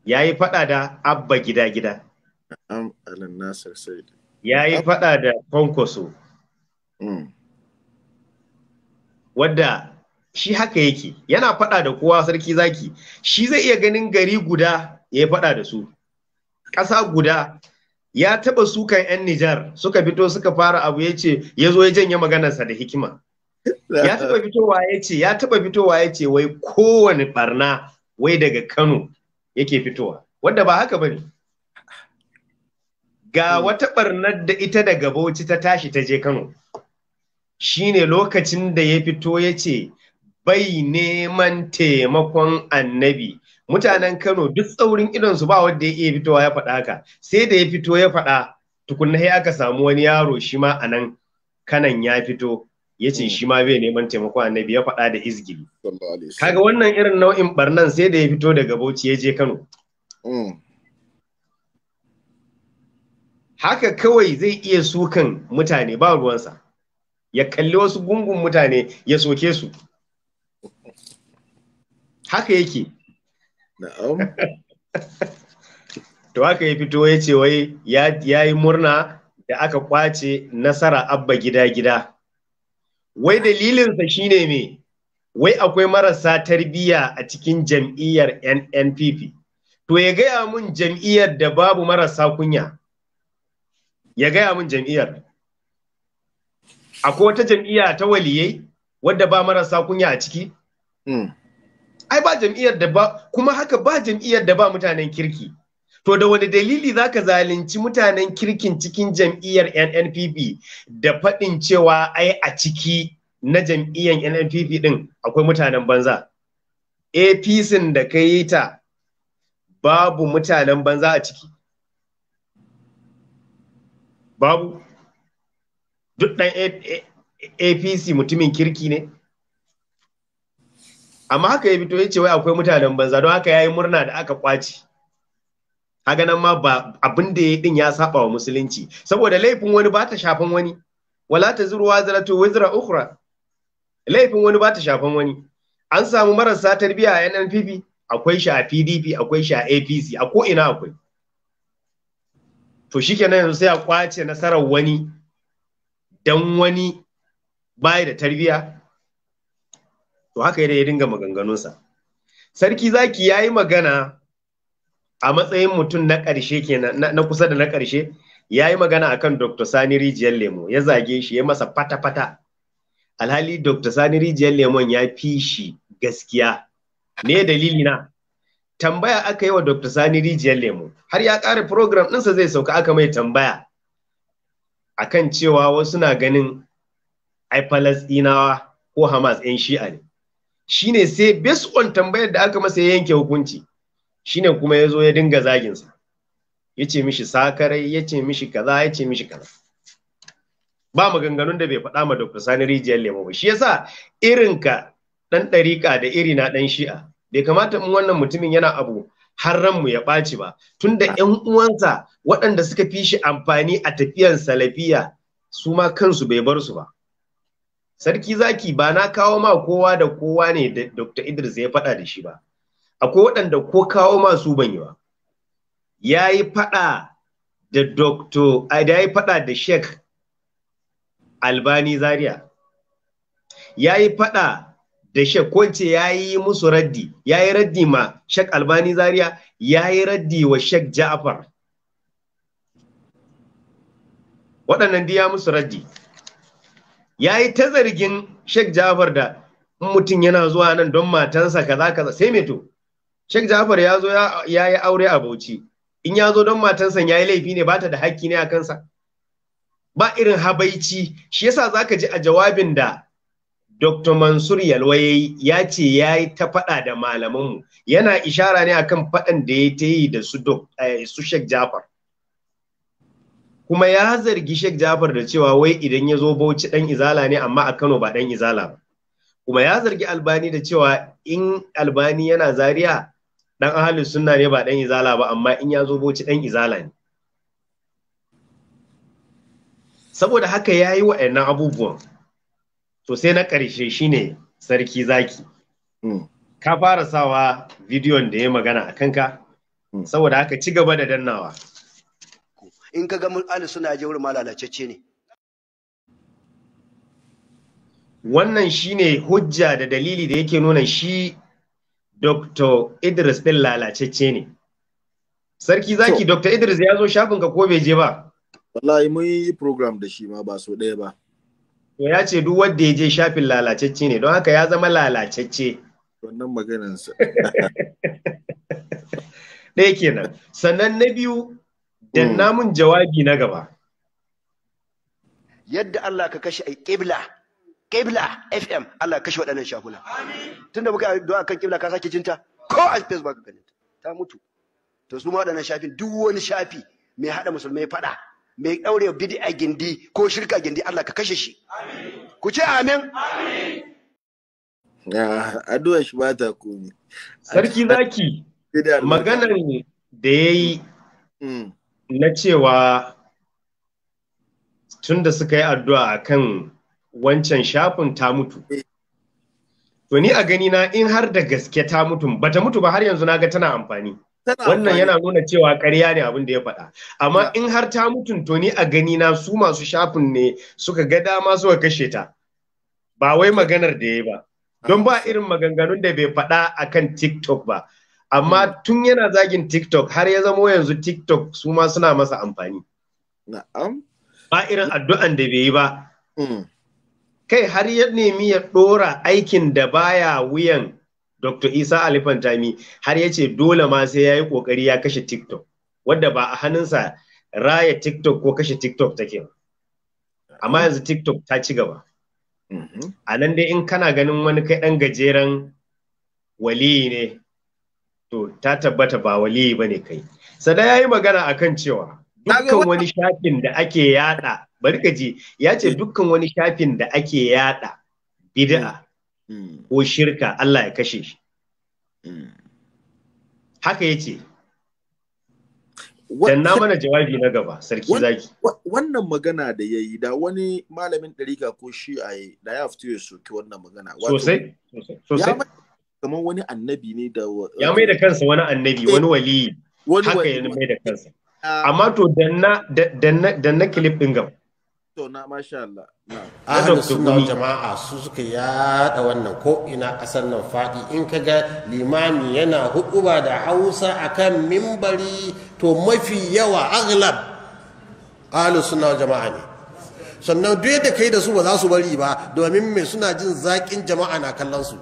ya yi faɗa da abba gida-gida ya yi faɗa da fankoso. wadda shi haka yake yana faɗa da kowa sarki zaki shi zai iya ganin gari guda ya yi faɗa da su ƙasa guda ya taɓa sukan 'yan Nijar suka fito suka fara abu ya ce ya zo ya janye maganarsa da hikima ya taɓa fitowa ya ce ya taɓa fitowa ya ce wai kowane barna wai daga Kano yake fitowa wadda ba haka bane ga hmm. wata barnar da ita daga Bauchi ta tashi ta je Kano shine lokacin da ya fito ya ce bai neman taimakon annabi mutanen kano duk tsaurin idonsu ba wanda ya iya fitowa ya faɗa haka sai da ya fito ya faɗa tukunna sai aka samu wani yaro shi ma a nan kanan ya fito ya ce hmm. shi ma bai neman taimakon annabi ya faɗa da izgili kaga wannan irin nau'in barnan sai da ya fito daga bauchi ya je kano hmm. haka kawai zai iya sukan mutane ba ruwansa ya kalli wasu gungun mutane ya soke su haka yake to haka ya fito ya ce wai ya yi murna da aka kwace nasara abba gida-gida wai dalilinsa shine me wai akwai marasa tarbiyya a cikin jam'iyyar NNPP to ya gaya mun jam'iyyar da babu marasa kunya ya gaya mun jam'iyyar akwai wata jam'iyya ta waliyai wadda ba marasa kunya a ciki hmm. ai ba jam'iyyar da ba kuma haka ba jam'iyyar da ba mutanen kirki to da wani dalili za ka zalunci mutanen kirkin cikin jam'iyyar NNPP da faɗin cewa ai a ciki na jam'iyyar NNPP ɗin akwai mutanen banza APC da ka yi ta babu mutanen banza a ciki babu duk ɗan apc mutumin kirki ne amma haka ya fito ya ce wai akwai mutanen banza don haka ya yi murna da aka kwaci Haga nan ma ba abin da ya din ya saba wa musulunci saboda laifin wani ba ta shafan wani wala ta zuruwa zaratu wizra ukhra laifin wani ba ta shafan wani an samu marasa tarbiyya a NNPP akwai shi a PDP akwai shi a APC a ko ina akwai to kenan yanzu sai a kwace nasarar wani dan wani baya da tarbiya to haka ya dinga maganganunsa sarki zaki ya yi magana a matsayin mutum na ƙarshe kenan na kusa da na ƙarshe ya yi magana akan dr sani rijiyar lemo ya zage shi ya masa fata-fata alhali dr sani rijiyar lemon ya fi shi gaskiya ne dalili na tambaya aka yi wa dr sani rijiyar lemo har ya ƙara program ɗinsa zai sauka aka mai tambaya akan cewa wasu na ganin ai Falasɗinawa ko Hamas 'yan shi'a ne. Shine sai based on tambayar da aka masa yanke hukunci shine kuma ya zo ya dinga zaginsa. Ya ce mishi sakarai, ya ce mishi kaza, ya ce mishi kaza. Ba maganganun da bai faɗa ma Dr. Sani Rijiyar Lemo ba. Shi yasa irinka ɗan ɗariƙa da iri na ɗan shi'a. Bai kamata in wannan mutumin yana abu har ranmu ya ɓaci ba tunda 'yan uwansa waɗanda suka fi shi amfani a tafiyan salafiya su ma kansu bai bar su ba sarki zaki ba na kawo ma kowa da kowa ne da Dr. Idris ya faɗa da shi ba akwai waɗanda ko kawo ma su ban yi ba ya yi faɗa da Dr. ya yi faɗa da Sheikh Albani Zaria ya yi faɗa da shek kwance ya yi musu raddi ya yi raddi ma shek albani zaria ya yi raddi wa shek ja'afar waɗannan diya musu raddi ya yi ta zargin shek ja'afar da mutum yana zuwa nan don matansa kaza kaza sai meto. to shek ja'afar ya zo ya yi aure a bauchi in ya zo don matansa ya yi laifi ne ba ta da hakki ne a kansa ba irin habaici shi yasa ka ji a jawabin da Dr. Mansur Yalwa ya ce ya yi ta faɗa da malamanmu yana ishara ne akan faɗan da ya ta yi da su, eh, Sheikh Jafar. Kuma ya zargi Sheikh Jafar da cewa wai idan ya zo Bauchi ɗan izala ne amma a Kano ba ɗan izala ba. Kuma ya zargi Albani da cewa in Albani yana Zaria ɗan ahalin sunna ne ba ɗan izala ba amma in ya zo Bauchi ɗan izala ne. Saboda haka ya yi wa'annan abubuwan. to sai na ƙarshe shine sarki zaki hmm. ka fara sawa bidiyon da ya magana a kanka hmm. saboda haka ci gaba da dannawa in ka ga ali suna je wurin malalacece ne wannan shine hujja da dalili da yake nuna shi Dr. Idris ɗin lalacecce ne. Sarki zaki Dr. Idris ya zo shafinka ko bai je ba? Wallahi mun yi program da shi ma ba so ɗaya ba. to ya ce duk wanda ya je shafin lalacecce ne don haka ya zama lalacecce wannan maganansa ɗaya kenan sannan na biyu da namun hmm. jawabi na gaba yadda Allah ka kashe ƙibla ƙibla FM Allah ka kashe waɗannan Tun tunda muka yi addu'a kan ƙibla ka sake jinta ko a Facebook ka ganin ta mutu to su ma waɗannan shafin duk wani shafi mai haɗa musulmai faɗa mai ɗaure bid'a gindi ko shirka gindi Allah ka kashe shi ku ce amin addu'a shi ba ta komi sarki zaki maganar da ya yi hmm. na cewa tun da suka yi addu'a a kan wancan shafin ta mutu. Eh. To ni a gani na in har da gaske ta mutu, ba ta mutu ba har yanzu na ga tana amfani. wannan yana nuna cewa ƙarya ne abin da ya faɗa amma in har ta mutunto ni a gani na su masu shafin ne suka ga dama suka kashe ta ba wai maganar da ya ba don ba irin maganganun da bai faɗa akan tiktok ba amma hmm. tun yana zagin tiktok har ya zamo yanzu tiktok su ma suna masa amfani ba irin addu'an da bai yi ba hmm. kai har ya nemi ya ɗora aikin da baya wuyan Dr. Isa Ali Fantami har ya ce dole ma sai ya yi ƙoƙari ya kashe TikTok, wadda ba a hannunsa raya TikTok ko kashe TikTok take ba. Amma yanzu TikTok ta ci gaba. Mm-hmm. A nan dai in kana ganin wani kai ɗan gajeren waliyi ne, to ta tabbata ba waliyi ba ne kai. Sada ya yi magana a kan cewa eh. dukkan wani shafin da ake yada, bari ka ya ce dukkan wani shafin da ake yada bid'a. Mm. ko shirka Allah ya kashe shi mm. haka ce. danna mana jawabi na gaba sarki zaki wannan magana da ya yi da wani malamin ɗarika ko shi a yi da ya fito ya soki wannan magana sosai sosai kamar wani annabi ne da ya mai da kansa wani annabi eh, wani wali haka ya mai da kansa amma to danna danna danna clip din gaba to na masha Allah ahlus sunna wal jama'a su suka yada wannan ko ina kasar nan fadi in kaga limami yana huɗuba da Hausa akan mimbari to mafi yawa aghlab ahlus sunna wal jama'a ne sannan duk da kai da su ba za su bari ba domin mai suna jin zaƙin jama'a na kallon su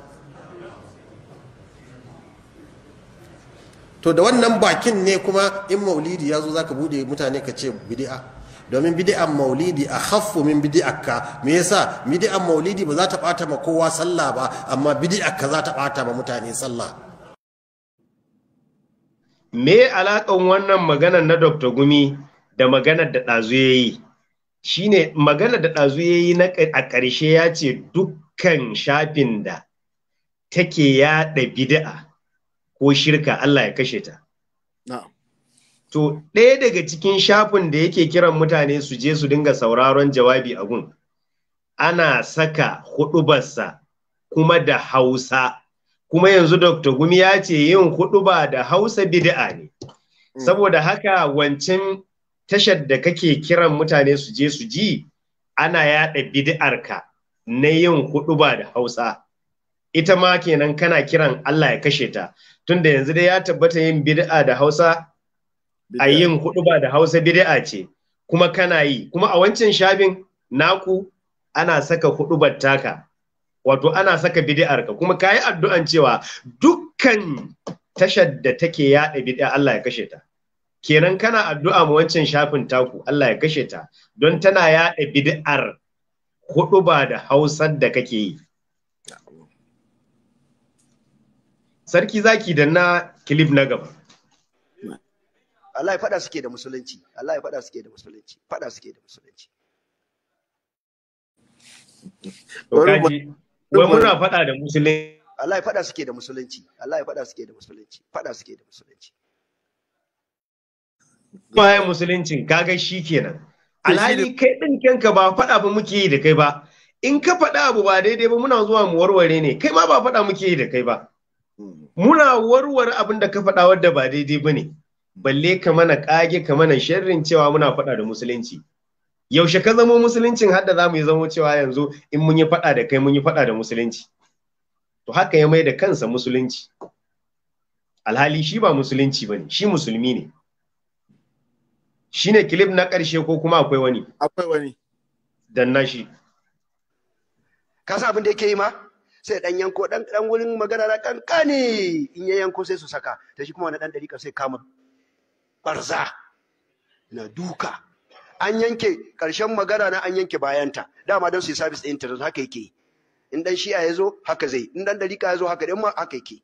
to da wannan bakin ne kuma in maulidi ya zo za ka buɗe mutane ka ce bid'a domin bid'an maulidi a haffu min ka me yasa bid'an maulidi ba za ta bata ma kowa sallah ba amma ka za ta bata ma mutane sallah me alakan wannan maganar na Dr. Gumi da maganar da ɗazu ya yi shine maganar da ɗazu ya yi a ƙarshe ya ce dukkan shafin da take yaɗa bid'a ko shirka Allah ya kashe ta To ɗaya daga cikin shafin da yake kiran mutane su je su dinga sauraron jawabi a gun, ana saka huɗubarsa kuma da Hausa, kuma yanzu Dr. Gumi ya ce yin huɗuba da Hausa bid'a ne. Hmm. Saboda haka wancan tashar da kake kiran mutane su je su ji, ana yaɗa bid'arka na yin huɗuba da Hausa. Ita ma kenan kana kiran Allah ya kashe ta, tunda yanzu dai ya tabbata yin bid'a da Hausa a yin hudu ba da hausa bid'a ce kuma kana yi kuma a wancan shafin naku ana saka hudu taka wato ana saka bid'ar ka kuma kayi addu'an cewa dukkan tashar da take yada bid'a Allah ya kashe ta kenan kana addu'a ma wancan shafin taku Allah ya kashe ta don tana yaɗa bid'ar hudu ba da hausar da kake yi sarki zaki da na kilif na gaba Allah ya faɗa suke da musulunci Allah ya faɗa suke da musulunci faɗa suke da musulunci muna faɗa da musulunci Allah ya faɗa suke da musulunci Allah ya faɗa suke da musulunci faɗa suke da musulunci bayan musuluncin kaga shi kenan alhali kai din kanka ba faɗa ba muke yi da kai ba in ka faɗa abu ba daidai ba muna zuwa mu warware ne kai ma ba faɗa muke yi da kai ba hmm. muna warware abin da ka faɗa wadda ba daidai ba ne balle ka mana kage ka mana sharrin cewa muna faɗa da musulunci yaushe ka zamo musuluncin hadda za mu yi zamo cewa yanzu in mun yi faɗa da kai mun yi faɗa da musulunci to haka ya mai da kansa musulunci alhali shi ba musulunci ba ne shi musulmi ne shi ne kilif na ƙarshe ko kuma akwai wani akwai wani dan na shi ka sa abin da yake yi ma sai dan yanko dan dan wurin magana na kankane in ya yanko sai su saka to shi kuma wani dan dariƙar sai kama barza na duka an yanke ƙarshen magana na an yanke bayanta dama don su yi sabis ɗin haka yake in dan shi'a ya zo haka zai in dan dalika ya zo haka dan ma haka yake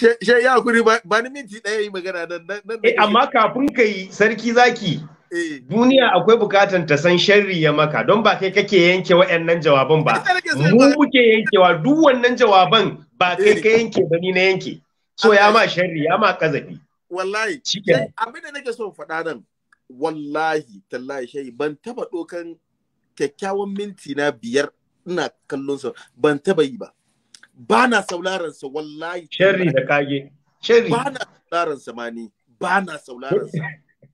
she ya kuri ba ni minti ɗaya yi magana nan nan eh amma kafin ka yi sarki zaki eh. duniya akwai bukatan ta san sharri ya maka don ba kai kake yanke wa'annan jawaban ba mu muke yankewa duk wannan jawaban ba kai eh. ka yanke ba ni na yanke so ya ma sharri ya ma kazafi wallahi eh, abin da nake so faɗa nan wallahi tallahi shayi ban taba dokan kyakkyawan minti na biyar ina kallon sa ban taba yi ba ba na sauraron sa wallahi sharri da kage sharri ba na sauraron sa mani ba na sauraron sa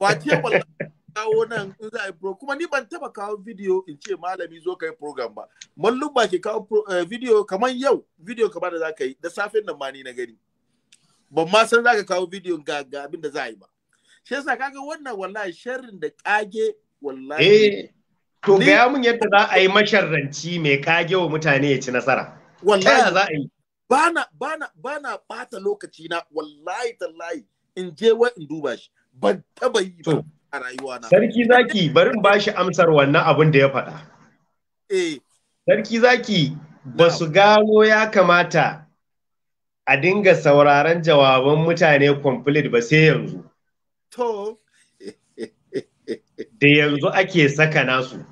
wace wallahi kawo nan in za a yi program kuma ni ban taba kawo video in ce malami zo ka yi program ba mallum ba ke kawo eh, video kamar yau video kamar da za ka yi da safin nan ma ni na gani ba ma san ka kawo bidiyon ga abin da za a yi ba shi yasa kaga wannan wallahi sharrin da kage wallahi eh to ga mun yadda za a yi masharranci mai kage wa mutane ya ci nasara wallahi za a yi bana bana bana bata lokaci na wallahi tallahi in je wa in duba shi ban taba yi ba a rayuwa na sarki zaki bari in bashi amsar wannan abin da ya faɗa eh sarki zaki ba su gano ya kamata a dinga sauraron jawaban mutane complete ba sai yanzu. To. Da yanzu ake saka nasu.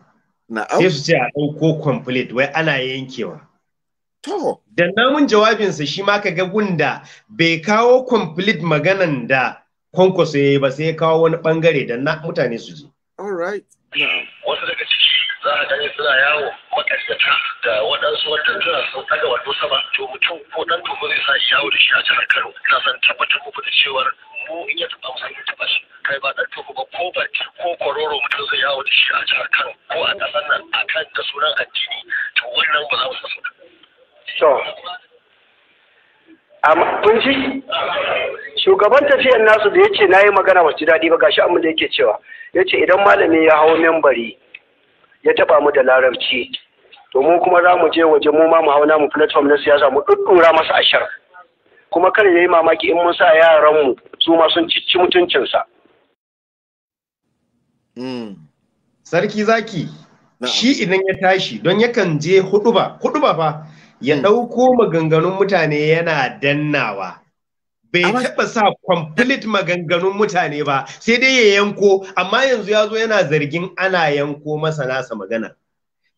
Sai su ce a ɗauko complete wai ana yankewa. To. Da namun jawabinsa shi ma ka ga gunda bai kawo complete maganan da kwankwaso ya yi ba sai ya kawo wani ɓangare da mutane su ji. All right. Wasu daga cikin za a gani suna yawo makaskata da waɗansu wadda suna sun ɗaga wando sama to mutum ko ɗan tuhu zai sa yawo da shi a jihar Kano na san tabbatar muku da cewar mu in ya taɓa musan ya taɓa shi kai ba ɗan tuhu ba ko barci ko kwaroro mutum zai yawo da shi a jihar Kano ko a ƙasar nan a kan da sunan addini to wannan ba za mu sasu. To, kun ji shugaban tafiyar nasu da ya ce na yi magana masu ji daɗi ba gashi amma da yake cewa ya ce idan malami ya hau membari ya taba mu da larabci to mu kuma za mu je waje mu ma mu hauna mu platform na siyasa mu duddura masa ashar kuma kar yayi mamaki in mun sa yaran mu su ma sun cicci mutuncin sa hmm. sarki zaki shi idan ya tashi don yakan je huduba huduba fa ya dauko hmm. maganganun mutane yana dannawa bai taɓa sa complete maganganun mutane ba sai dai ya yanko amma yanzu ya zo yana zargin ana yanko masa nasa magana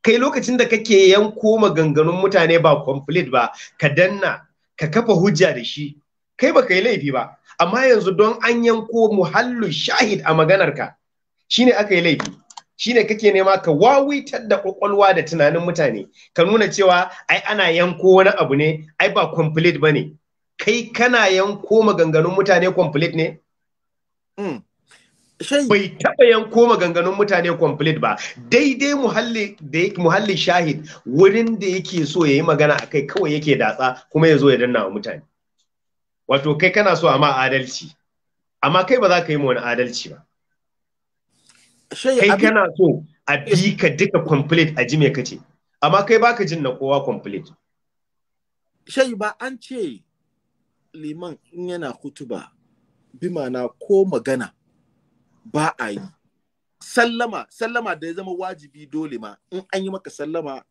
kai lokacin da kake yanko maganganun mutane ba complete ba ka danna ka kafa hujja da shi kai ba ka yi laifi ba amma yanzu don an yanko muhallu shahid a maganarka shine aka yi laifi shine kake nema ka wawitar da kwakwalwa da tunanin mutane ka nuna cewa ai ana yanko wani abu ne ai ba complete ba ne kai kana yanko maganganun mutane complete ne? Mm. Bai taɓa yanko maganganun mutane complete ba, daidai muhalli shahid wurin da yake so ya yi magana a kai kawai yake datsa kuma ya zo ya danna wa mutane. Wato kai kana so a ma adalci, amma kai ba za ka yi ma wani adalci ba. Kai kana so a bi ka duka complete a ji me kace, amma kai ba ka jin na kowa complete. Shai ba an ce liman in yana hutuba bi mana ko magana ba a yi sallama sallama da ya zama wajibi dole ma in an yi maka sallama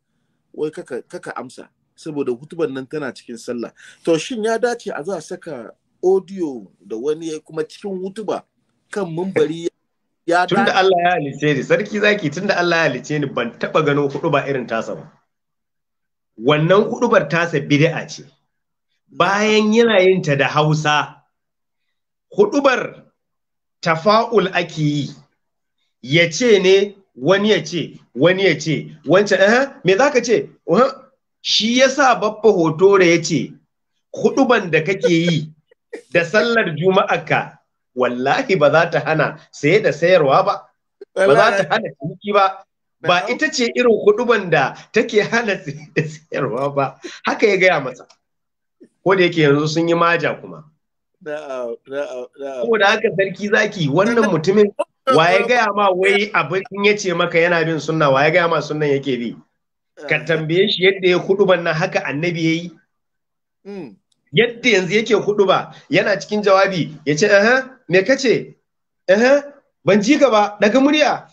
wai kaka, kaka amsa saboda hutuban nan tana cikin sallah to shin ya dace a za saka audio da wani ya kuma cikin hutuba kan mumbari ya tunda Allah ya halice ni sarki zaki tunda Allah ya halice ni ban taba gano hudu ba irin tasa ba wannan hudubar tasa bid'a ce bayan yana yin ta da Hausa hudubar tafa'ul ake yi ya ce ne wani ya ce wani ya ce wancan eh me ka ce uhm, shi ya sa babba hoto da ya ce huduban da kake yi da sallar juma'a ka wallahi ba za ta hana saye da sayarwa ba ba za ta hana ciniki ba ba ita ce irin huduban da take hana da sayarwa ba haka ya gaya masa ko da yake yanzu sun yi maja kuma Ko da haka sarki zaki wannan mutumin wa ya gaya ma wai abin ya ce maka yana bin sunna wa ya gaya ma sunnan yake bi ka eh. tambaye shi yadda ya kudu ban nan haka annabi ya yi hmm. yadda yanzu yake kudu ba yana cikin jawabi ya ce aha me kace aha ban ji ka ba daga murya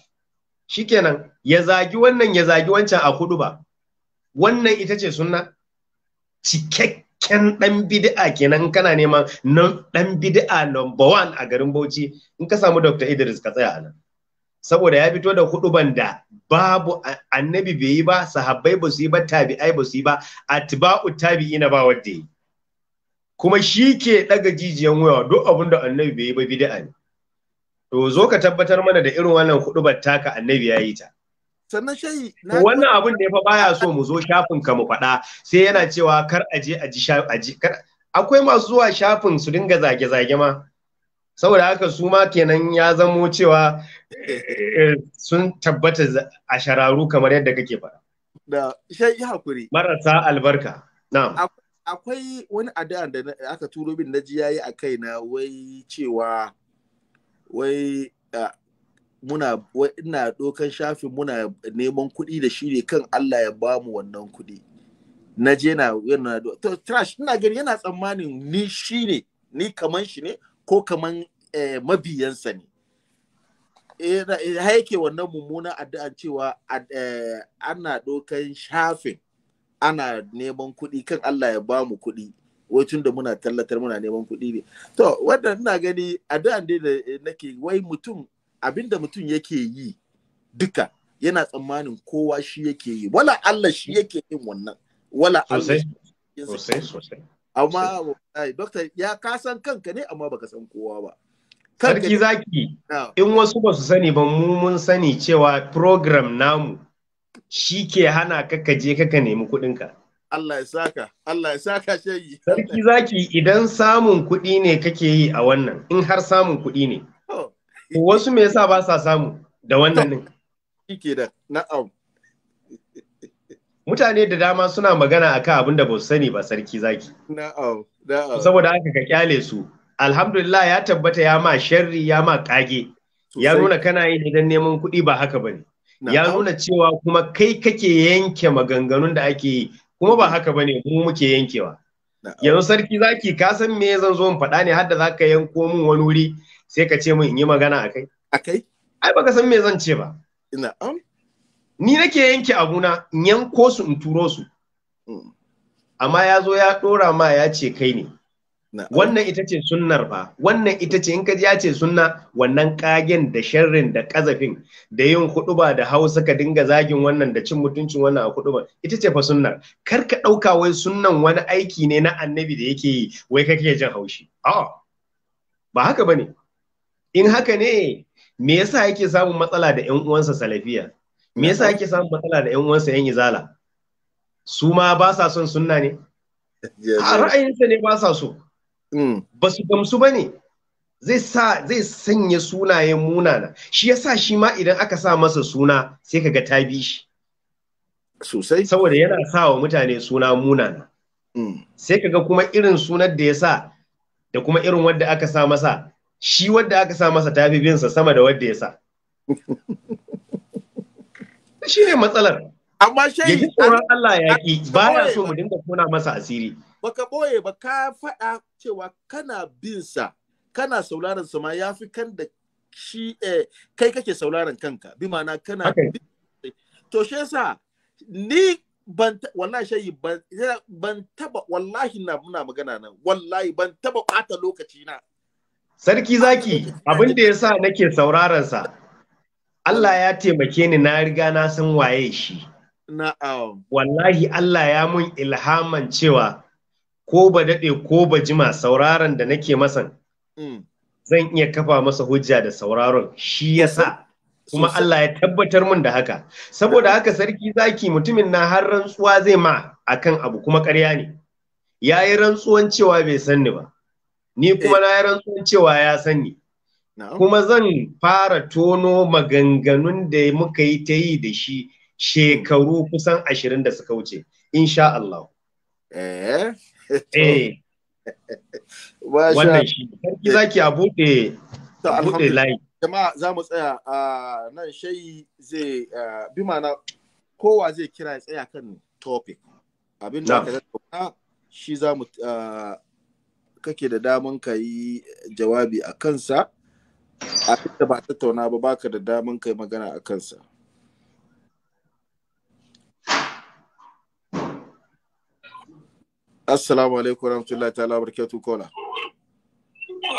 shikenan ya zagi wannan ya zagi wancan a kudu ba wannan ita ce sunna cikakken cikakken dan bid'a kenan kana neman nan dan bid'a number one a garin Bauchi in ka samu Dr. Idris ka tsaya nan. saboda ya fito da huduban da babu annabi bai yi ba sahabbai ba su yi ba tabi'ai ba su yi ba atba'u na ba wanda yi kuma shi ke daga jijiyan wuya duk abin da annabi bai yi ba bid'a ne to zo ka tabbatar mana da irin wannan hudubar taka annabi ya yi ta sannan shayi wannan abun ne fa baya so mu zo shafin ka mu faɗa sai yana cewa kar a je a ji a akwai masu zuwa shafin su dinga zage zage ma saboda haka su ma kenan ya zamo cewa eh, sun tabbata a shararu kamar yadda kake faɗa da hakuri marasa albarka na'am akwai wani addu'a da aka turo na naji yayi a na, wai cewa wai ah, muna ina dokan shafin muna neman kuɗi da shi ne kan Allah ya ba mu wannan kuɗi na je na yana to trash ina gani yana tsammanin ni shi ne ni kaman shi ne ko kaman eh, mabiyansa ne eh, eh, haike wannan mummunan addu'an cewa ana dokan shafin ana neman kuɗi kan Allah ya ba mu kuɗi wai tun da muna tallatar muna neman kuɗi ne to wannan ina gani addu'an dai da nake wai mutum abinda mutum yake yi duka yana tsammanin kowa shi yake yi wala Allah shi yake yin wannan wala Allah amma doctor ya ka san kanka ne amma baka san kowa ba sarki zaki in wasu ba su sani ba mu mun sani cewa program namu shi ke hana ka ka je ka nemi kuɗinka. Allah ya saka, Allah ya saka shayi. Sarki zaki idan samun kuɗi ne kake yi a wannan, in har samun kuɗi ne, Wasu me yasa ba sa samu da wannan Shike da na'am. Mutane da dama suna magana akan abin da ba su sani ba sarki zaki. Na'am, na'am. Saboda haka ka kyale su. Alhamdulillah ya tabbata ya ma sharri ya ma kage. Ya nuna kana yi idan neman kuɗi ba haka bane. Ya nuna cewa kuma kai kake yanke maganganun da ake yi kuma ba haka bane mu muke yankewa. yanzu sarki zaki ka san me zan zo in faɗa ne har da zaka yanko min wani wuri sai ka ce min in yi magana a kai a kai ai baka san me zan ce ba ina am ni nake yanke abuna in yanko su in turo su mm. amma ya zo ya ɗora ma ya ce kai ne wannan ita ce sunnar ba. wannan ita ce in ka ji ya ce sunna wannan kagen da sharrin da kazafin da yin kuɗuba da hausa ka dinga zagin wannan da cin mutuncin wannan a kuɗuba ita ce fa sunnar kar ka ɗauka wai sunnan wani aiki ne na annabi da yake yi wai kake jin haushi a'a ba haka bane in haka ne me yasa yake samun matsala da ƴan uwansa salafiya me yasa yake samun matsala da ƴan uwansa yan izala su ma ba sa son sunna ne a ra'ayinsa ne ba sa so mm. ba su gamsu ba ne zai sanya sunayen munana shi yasa shi ma idan aka sa masa suna sai kaga ta bi shi sosai saboda yana sa wa mutane suna munana mm. sai ka ga kuma irin sunar da ya sa da kuma irin wadda aka sa masa shi wadda aka sa masa tafi binsa sama da wadda ya sa. Shi ne matsalar. Amma shi Ya tsoron Allah ya ki ba ya so mu dinga kuna masa asiri. Baka ɓoye ba ka faɗa cewa kana binsa kana sauraron sa ma ya fi kan da shi eh, kai kake sauraron kanka bi ma'ana kana to shi yasa ni ban wallahi ban taba wallahi na muna magana nan wallahi ban taba ɓata lokaci na Sarki zaki abin da ya sa nake sa, Allah ya taimake ni na riga na san waye shi. Wallahi Allah ya mun ilhaman cewa ko ba daɗe ko ba jima sauraron da nake masan. Mm. Zan iya kafa masa hujja da sauraron shi ya sa. Kuma Allah ya tabbatar mun da haka. Saboda haka sarki zaki mutumin na har rantsuwa zai ma akan abu kuma karya ne. Ya yi rantsuwan cewa bai san ni ba. ni eh. kuma na yi rantsuwan cewa ya sani kuma zan fara tono maganganun da muka yi ta yi da shi shekaru hmm. kusan ashirin da suka wuce insha Allah. Eh? Eh. Wannan shi, sarki za a buɗe buɗe layi. Jama'a za mu tsaya a nan shayi zai bi mana kowa zai kira ya tsaya kan topic. Abin da ka tattauna shi za mu kake da daman ka yi jawabi a kansa a da ba tattauna ba baka da daman ka yi magana a kansa assalamu alaikum warahmatullahi ta'ala barkatu kola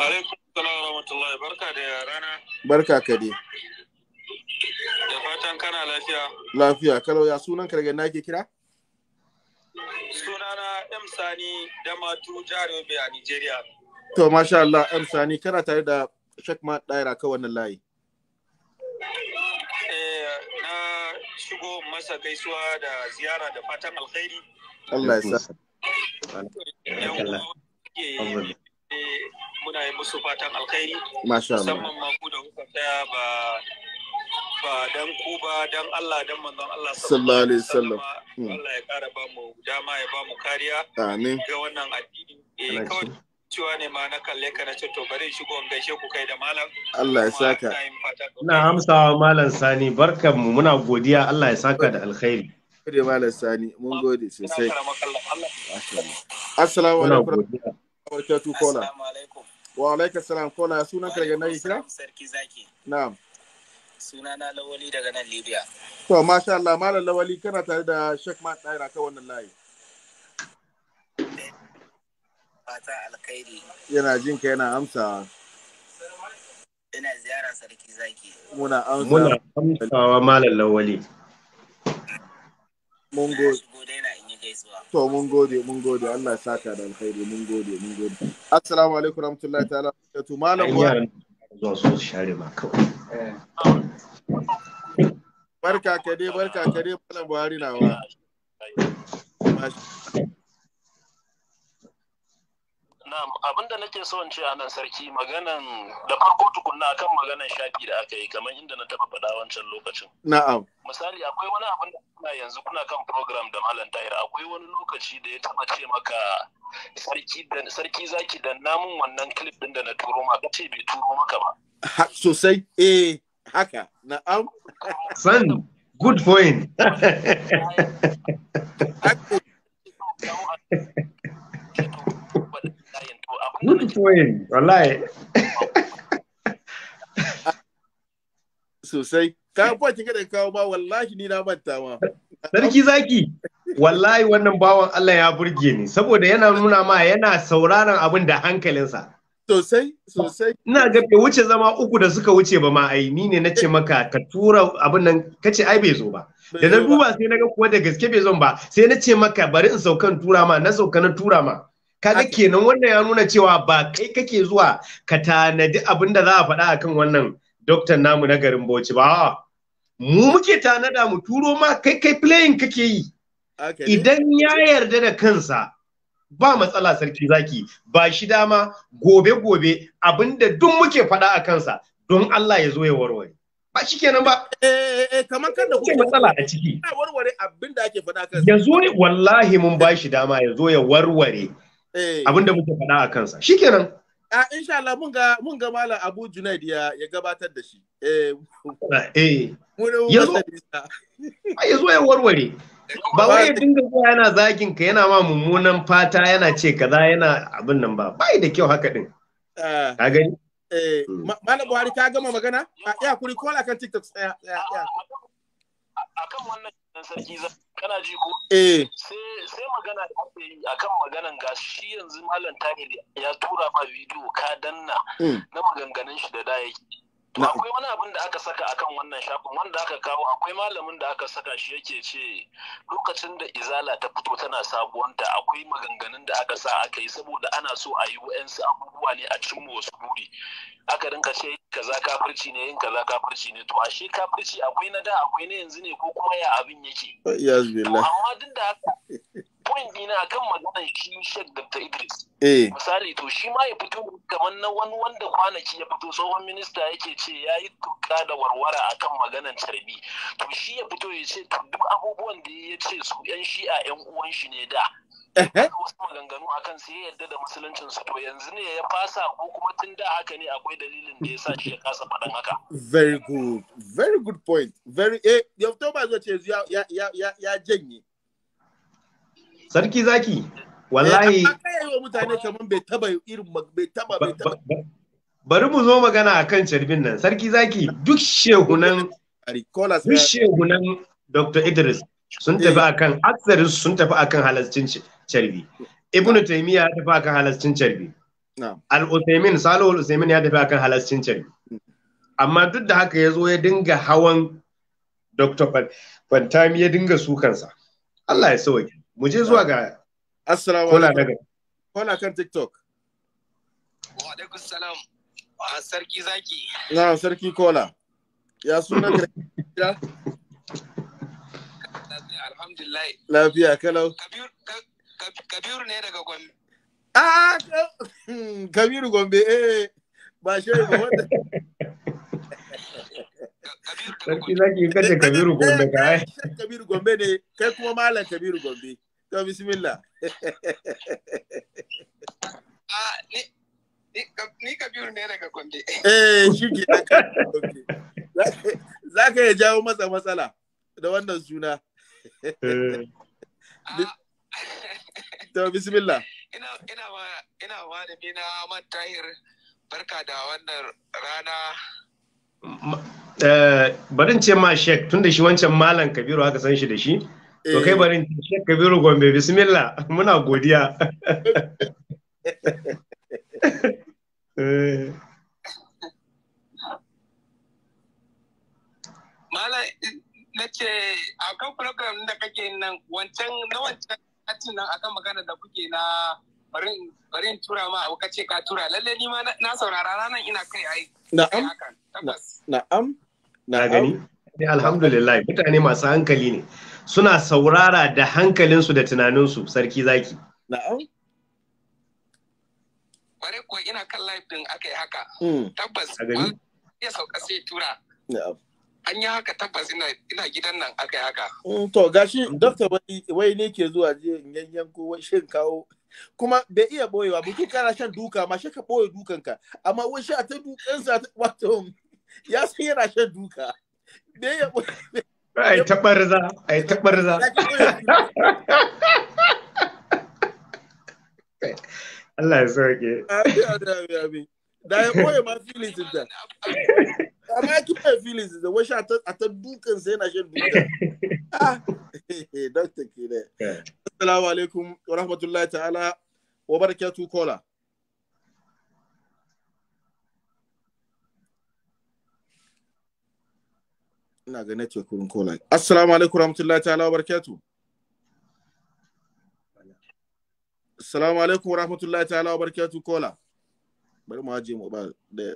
alaikum salam barka da rana barka ka dai da fatan kana lafiya lafiya kalau ya sunan ka daga nake kira M Sani da Matu Jaro a Nigeria. To masha Allah M Sani kana tare da Shekma Daira ka wannan layi. Eh, na shigo masa gaisuwa da ziyara da fatan alkhairi. Allah ya sa. Eh, muna yi musu fatan alkhairi. Masha Allah. Musamman ma ku da kuka ba ba dan ku ba dan Allah dan manzon Allah sallallahu alaihi wasallam hmm. Allah ya kara ba mu dama ya ba mu kariya amin ga wannan addini eh kawai cewa ne ma na kalle ka na ce to bari shigo in gaishe ku kai da malam Allah ya saka ina wa malam Sani barkan mu muna godiya Allah ya saka da alkhairi kare malam Sani mun gode sosai Assalamu alaikum wa alaikum wa alaikum assalam kola sunan ka daga nayi kira sarki zaki na'am sunana lawali daga nan libya to masha Allah malam lawali kana tare da Sheikh Mat Daira ta wannan layi fata alkhairi yana jin ka yana amsa ina ziyara sarki zaki muna amsa muna amsawa malam lawali mun gode to mun gode mun gode Allah ya saka da alkhairi mun gode mun gode assalamu alaikum warahmatullahi ta'ala to malam zuwa su share ma kawai Barka ka dai, barka ka dai, Buhari nawa. Na'am, da nake so in ce a nan sarki maganan da farko tukunna akan maganan shafi da aka yi kamar inda na taba faɗa wancan lokacin. Na'am. Misali akwai wani abin da kuna yanzu kuna kan program da Malam Tahir akwai wani lokaci da ya taba ce maka sarki dan sarki zaki da namun wannan clip din da na turo maka ce bai turo maka ba. Ha, sosai eh haka na'am. San good point. Beautiful yin, wallahi. Sosai. Ka ba ki kada kawo ba wallahi ni na manta ma. Sarki zaki. Wallahi wannan bawan Allah ya burge ni saboda yana nuna ma yana sauraron abin da hankalinsa. Sosai, sosai. Ina ga bai wuce zama uku da suka wuce ba ma ai ni ne na ce maka ka tura abin nan kace ai bai zo ba. Da na duba sai na ga kuwa da gaske bai zo ba sai na ce maka bari in saukan tura ma na sauka na tura ma. kaga kenan wannan ya nuna cewa ba kai kake zuwa ka tanadi abin da za a faɗa akan wannan doktan namu na garin Bauchi ba mu muke tanada mu turo ma kai kai playing kake yi idan ya yarda da kansa ba matsala sarki zaki ba shi dama gobe gobe abinda duk muke faɗa a kansa don Allah ya zo ya warware ba shi kenan ba eh, eh, eh, kamar kan da kuke matsala a ciki warware abinda ake faɗa kansa ya zo wallahi mun ba shi dama ya zo ya warware Eh. abin da muke faɗa a kansa kenan a insha Allah mun ga mun ga malam Abu Junaid ya ya gabatar da shi eh eh yazo ya warware ba wai ya dinga zuwa yana zagin ka yana ma mummunan fata yana ce kaza yana abin nan ba bai da kyau haka din ah. ka gani eh hmm. malam Buhari ka gama magana ah, ya kuri kola kan TikTok ya ya akan wannan sarki za kana ji ko eh sai magana da ake yi akan maganan ga shi yanzu malam tahir ya tura ma bidiyo ka danna hmm. na maganganun shi da da yake To akwai wani abin da aka saka akan wannan shafin wanda aka kawo akwai malamin da aka saka shi yake ce lokacin da izala ta fito tana sabuwanta akwai maganganun da aka sa aka yi saboda ana so a yi wa'yansu abubuwa ne a cikin wasu buri. Aka rinka ce kaza kafirci ne yin kaza kafirci ne to ashe kafirci akwai na da akwai na yanzu ne ko kuma ya abin yake. Amma duk da haka point dina akan maganar shi da Dr. Idris. Eh. Misali to shi ma ya fito kamar na wani wanda kwanaki ya fito tsohon minista yake ce ya yi tuka da warwara akan maganar tarbi. To shi ya fito ya ce duk abubuwan da ya ce su 'yan shi a 'yan uwan shi ne da. wasu maganganu akan sai ya yarda da musuluncin su to yanzu ne ya fasa ko kuma tun da haka ne akwai dalilin da ya sa shi ya kasa faɗan haka very good very good point very eh yau to ba ce ya ya ya ya janye sarki zaki eh, wallahi bai bari mu zo magana akan carbin nan sarki zaki duk shehunan duk eh. shehunan Dr. Idris sun eh. tafi akan aksarin sun tafi akan halascin carbi Ibn Taymiyyah ya tafi akan halascin carbi Al-Uthaymin Salihu Al-Uthaymin ya tafi akan halascin carbi hmm. amma duk da haka ya zo ya dinga hawan Dr. Fantami ya dinga sukansa. Allah ya sauke mu je zuwa ga assalamu kola daga kola kan tiktok wa alaikum salam sarki zaki na sarki kola ya suna ka alhamdulillah lafiya kalau kabiru ne daga gombe ah hmm, kabiru gombe eh ba shi ba wanda Sarki zaki kace Kabiru Gombe ka kai. Eh, eh, Kabiru Gombe ne, kai kuma Malam Kabiru Gombe. To bismillah. Ah, ni Kabiru ne daga Gombe. Eh, shi ke Za ka iya jawo masa matsala da wannan suna. Eh. Ah. To bismillah. Ina ina wa ina wa da mina man tahir barka da wannan rana Eh, barin ce ma shek tun da shi wancan malam kabiru haka san shi da shi to kai eh. barin ce shek kabiru gombe bismillah muna godiya malam na ce a kan program da kake nan wancan na wancan nan akan magana da kuke na bari in tura ma abu kace ka tura lalle ni ma na saurara ranar ina kai ai na'am na'am na gani eh, alhamdulillah mutane masu hankali ne suna saurara da hankalinsu da tunaninsu sarki zaki na'am bare ko ina kan live din aka yi haka hmm. tabbas ya sauka sai tura an yi haka tabbas ina gidan nan aka yi haka hmm, to gashi dokta wai ne ke zuwa je yanyan ko wai shin kawo kuma bai iya boyewa ba duk kana shan duka ma shi ka boye dukanka amma wai a ta dukan sa wato ya san yana shan duka bai iya boye ai ta barza ai ta barza Allah ya sauke da ya boye ma feelings da amma ki kiyaye feelings da wai a ta dukan sa yana shan duka Dokta ke Assalamu alaikum wa rahmatullahi ta'ala wa barakatu kola. Ina ga network kurin kola. Assalamu alaikum wa rahmatullahi ta'ala wa barakatu. Assalamu alaikum wa rahmatullahi ta'ala wa barakatu kola. Bari mu haje mu ba da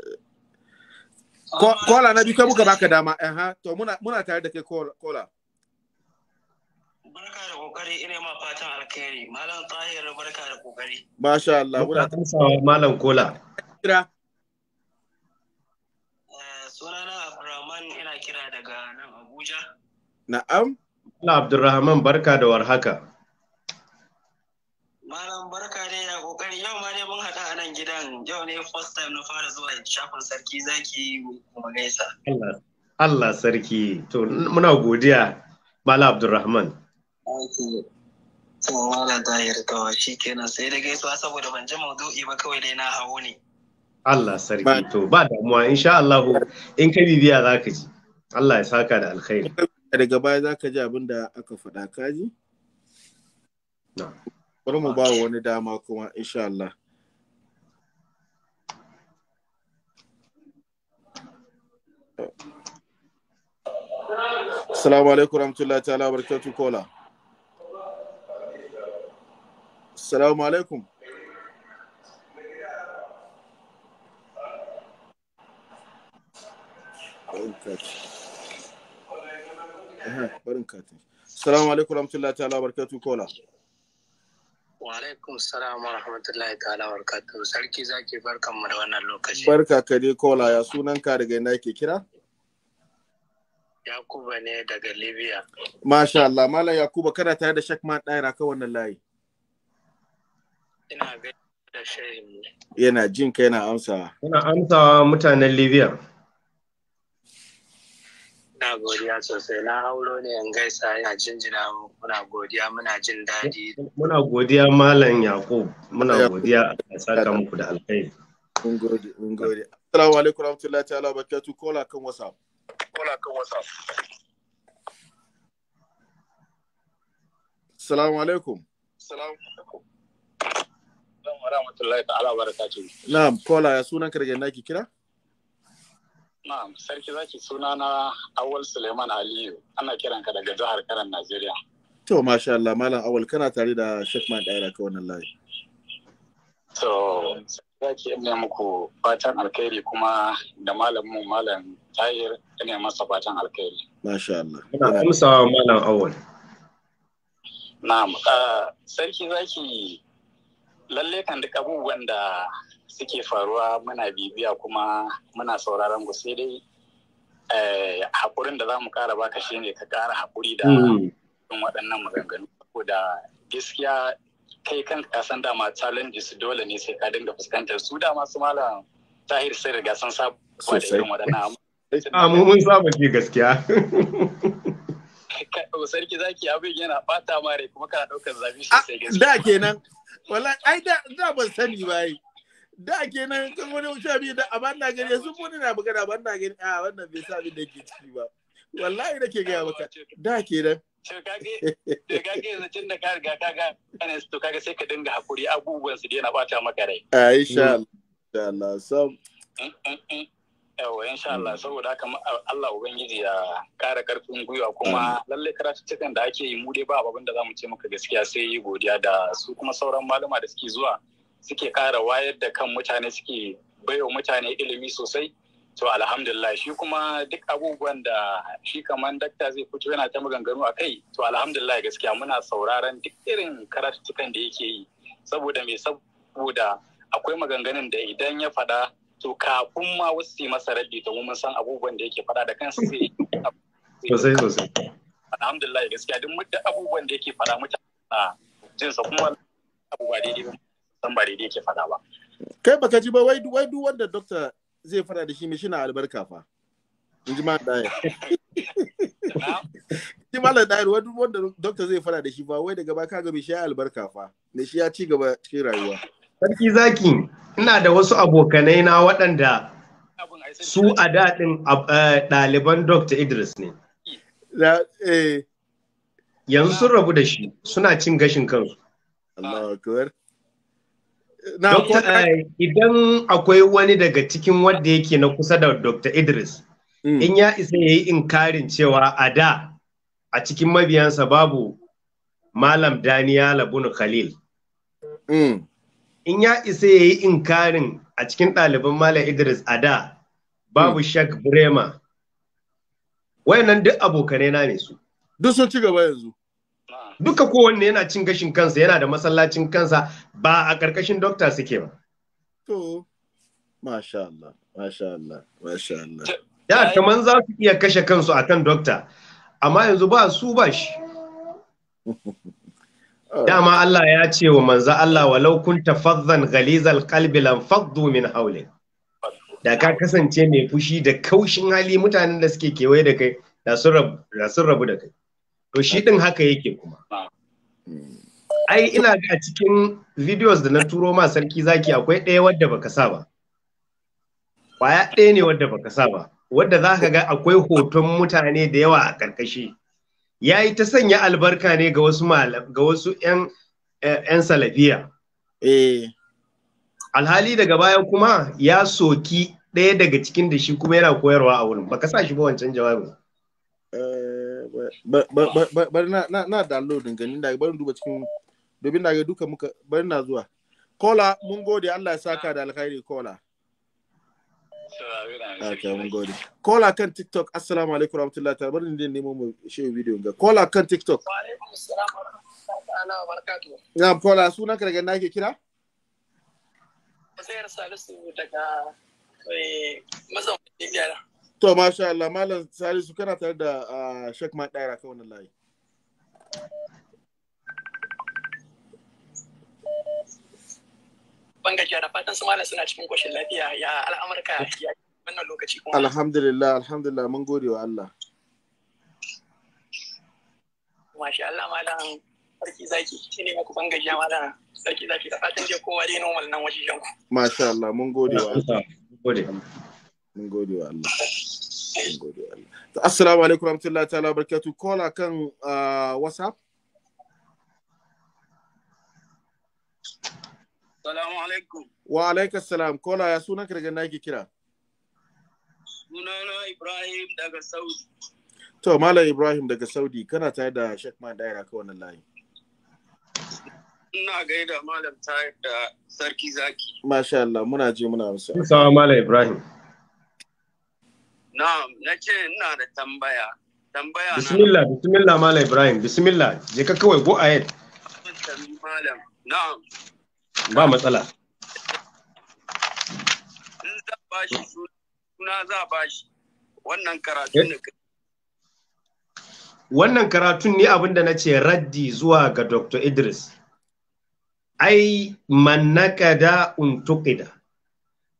Kola na bi kai muka baka dama, eh to muna muna tare da kai kola. Barka da kokari ina ma fatan alkhairi. Malam Tahir barka da kokari. Masha Allah. Muna tasawa Malam Kola. Kira. Eh, sunana Abdurrahman ina kira daga nan Abuja. Na'am. Allah Abdurrahman barka da warhaka. Malam barka dai da kokari yau ma dai mun haɗa a nan gidan yau ne first time na fara zuwa shafin sarki zaki kuma gaisa. Allah sarki to muna godiya Malam Abdurrahman. Mawala zahir kawai da gaisuwa Allah sarki to ba damuwa insha Allah in ka bibiya zaka ji. Allah ya saka da alkhairi. Daga baya zaka ji abin da aka faɗa ka ji? Bari mu ba wani dama kuma insha Allah. Assalamu alaikum warahmatullahi ta'ala barakatuh kola. Assalamu alaikum. Barin katin. Assalamu alaikum rahmatullahi ta'ala barkatu kola. Wa alaikum salamu wa rahmatullahi ta'ala barkatu. Sarki zaki barka mu da wannan lokaci. Barka ka dai kola ya sunan ka daga ina ke kira? Yakuba ne daga Libya. Masha Allah, Malam Yakuba kana tare da Shakman Daira ka wannan layi. Ina gaida da shehin Yana jin ka yana amsa. Yana amsa mutanen Libya. na godiya sosai na hauro ne 'yan gaisa yana jinjina mu muna godiya muna jin daɗi. Muna godiya Malam Yakub muna godiya a saka muku da alkhairi. Mun gode, mun gode. Assalamu alaikum warahmatullahi ta'ala barakatuh kola kan WhatsApp. Kola kan WhatsApp. Assalamu alaikum. Assalamu alaikum. wa rahmatullahi ta'ala barakatuhu na'am kola ya sunan naki kira na'am sarki zaki suna na awal suleiman aliyu ana kiran ka daga jihar karan najeriya to masha Allah malam awal kana tare da shek man daira ka wannan layi to zaki ina muku fatan alkhairi kuma da mu malam tahir ne masa fatan alkhairi masha Allah ina amsa malam awal na'am uh, sarki zaki lalle kan duk abubuwan da suke faruwa muna bibiya kuma muna sauraron ku sai dai eh, haƙurin da za mu ƙara baka shi ne ka ƙara haƙuri da mm. waɗannan maganganu da gaskiya kai kan ka san dama challenges dole ne sai ka dinga fuskantar su dama su malam tahir sai riga sun saba da irin waɗannan a ah, mu mun saba ji gaskiya sarki zaki abin yana bata mare kuma kana ɗaukar zafi ah, sosai gaskiya da kenan Wala, ai da da ban sani ba yi da kenan kan wani sha biyu da a banda gari sun wani na magana banda gari a wannan bai sa abin da yake ciki ba wallahi ke gaya maka da kenan to kage yanzu tun da ka riga ka gane su to kaga sai ka dinga hakuri abubuwan su dai na bata maka rai a ah, insha Allah sam in sha Allah mm. saboda haka Allah ubangiji ya kara karfin gwiwa kuma lalle karatuttukan da ake yi mu dai ba abin da zamu ce maka gaskiya sai yi godiya da su kuma sauran malama da suke zuwa suke kara wayar da kan mutane suke baiwa mutane ilimi sosai to alhamdulillah shi kuma duk abubuwan da shi kamar dakta zai fito yana ta maganganu a kai to alhamdulillah gaskiya muna sauraron duk irin karatuttukan da yake yi saboda me saboda akwai maganganun da idan ya faɗa to kafin ma wasu yi masa raddi domin mun san abubuwan da yake faɗa da kansa sai sosai sosai alhamdulillah gaskiya duk mutum abubuwan da yake faɗa mutane na sa kuma abubuwa ba daidai ba san ba daidai yake faɗa ba kai baka ji ba wai wai duk wanda doctor zai faɗa da shi mai shi na albarka fa in ji malam daya ji malam daya wai duk wanda doctor zai faɗa da shi ba wai daga ba ka ga mai shi ya albarka fa ne shi ya ci gaba cikin rayuwa Sarki zaki, ina da wasu abokanai na waɗanda su a daɗin ɗaliban Dr. Idris ne. Eh. Yanzu sun rabu da shi suna cin gashin kansu. Eh, idan akwai wani daga cikin wanda yake na kusa da Dr. Idris, mm. in ya isa ya yi inkarin cewa a da a cikin mabiyansa babu Malam Daniela Bunu Khalil. Mm. in ya isa ya yi inkarin a cikin ɗaliban Malam Idris a da babu hmm. Shak Brema. Wayannan duk abokanai na ne su. Duk sun ci gaba yanzu. Duka kowanne yana cin gashin kansa yana da masallacin kansa ba a ƙarƙashin dokta suke ba. To, masha Allah, masha Allah, masha Allah. Da kaman za su iya kashe kansu akan dokta, amma yanzu ba su ba shi. dama Allah ya ce wa manza Allah walau laukun tafazzan ghalizal qalbi lan faddu min hawli da ka kasance mai fushi da kaushin hali mutanen da suke kewaye da kai da sun rabu da kai to shi din haka yake kuma ai ina ga cikin videos da na turo ma sarki zaki akwai ɗaya wadda baka sa ba kwaya ɗaya ne wadda baka sa ba wadda za ka ga akwai hoton mutane da yawa a ƙarƙashi. ya yi ta sanya albarka ne ga wasu malam ga wasu 'yan salafiya eh alhali daga baya kuma ya soki ɗaya daga cikin da shi kuma yana koyarwa a wurin baka sa shi ba wancan jawabin eh, bari na na downloadin ganin da bari duba cikin domin na ga duka muka bari na zuwa kola mun gode Allah ya saka da alkhairi kola Okay, mun gode. Kola kan TikTok. Assalamu alaikum warahmatullahi ta'ala. Bari ni nemo mu shehu bidiyon ga. Kola kan TikTok. Wa alaikum assalam warahmatullahi Kola sunan ka daga ina ke kira? Zair Salisu daga eh, mazaunin Nijar. To masha Allah Malam Salisu kana tare da ah, Sheikh Mat Daira kan wannan layi. ban gajiya da fatan sun suna cikin koshin lafiya ya al'amurka ya wannan lokaci kuma alhamdulillah alhamdulillah mun gode wa Allah Mashi Allah malam sarki zaki shi ne ku ban gajiya malam sarki zaki da fatan je kowa dai normal nan wajen ku masha Allah mun gode wa Allah mun gode mun gode wa Allah mun gode wa Allah assalamu alaikum warahmatullahi ta'ala barakatuh kola kan uh, whatsapp Assalamu alaikum. Wa alaikum salam. Ko ya sunanka kirgin na ake kira? Sunana Ibrahim daga Saudi. To, Malam Ibrahim daga Saudi, kana tayar da Sheikh Man Daira ka wannan layi. Ina gaida Malam tayar da Sarki Zaki. Masha Allah, muna je muna musu. Sawa Malam Ibrahim. Na, na ce ina da tambaya. Tambaya na. Bismillah, bismillah Malam Ibrahim, bismillah. Je ka kawai go ahead. Malam. Na'am. ba matsala eh? wannan karatun ne wannan abin na ce raddi zuwa ga dr idris ai da untuqida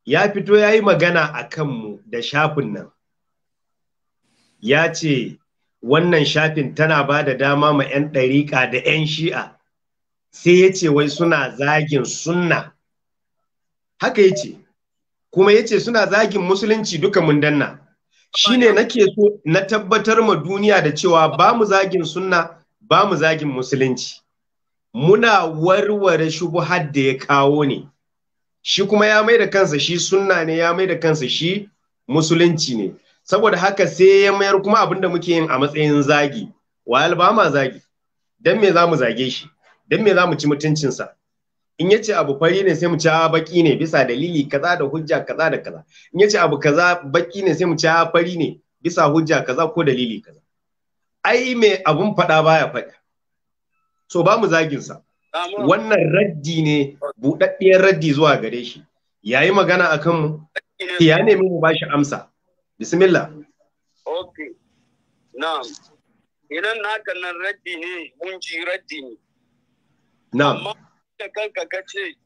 ya fito ya yi magana a kanmu da shafin nan ya ce wannan shafin tana ba da dama ma 'yan ɗariƙa da 'yan shi'a sai ya ce wai suna zagin sunna haka ya ce kuma ya ce suna zagin musulunci duka mun danna shine nake so na tabbatar ma duniya da cewa ba mu zagin sunna ba mu zagin musulunci muna warware shubu hadda ya kawo ne shi kuma ya mai da kansa shi sunna ne ya mai da kansa shi musulunci ne saboda haka sai ya mayar kuma abinda muke yin a matsayin zagi wa ba ma zagi don me za mu zage shi don me za mu ci mutuncinsa in yace abu fari ne sai mu ci baki ne bisa dalili kaza da hujja kaza da kaza in yace abu kaza baki ne sai mu ci fari ne bisa hujja kaza ko dalili kaza ai me abun faɗa baya faɗa so ba mu zagin sa wannan raddi ne buɗaɗɗiyar raddi zuwa gare shi yayi magana akan mu ya nemi mu ba shi amsa bismillah okay na'am idan na nan raddi ne mun ji raddi ne na'am amma da kanka ka ce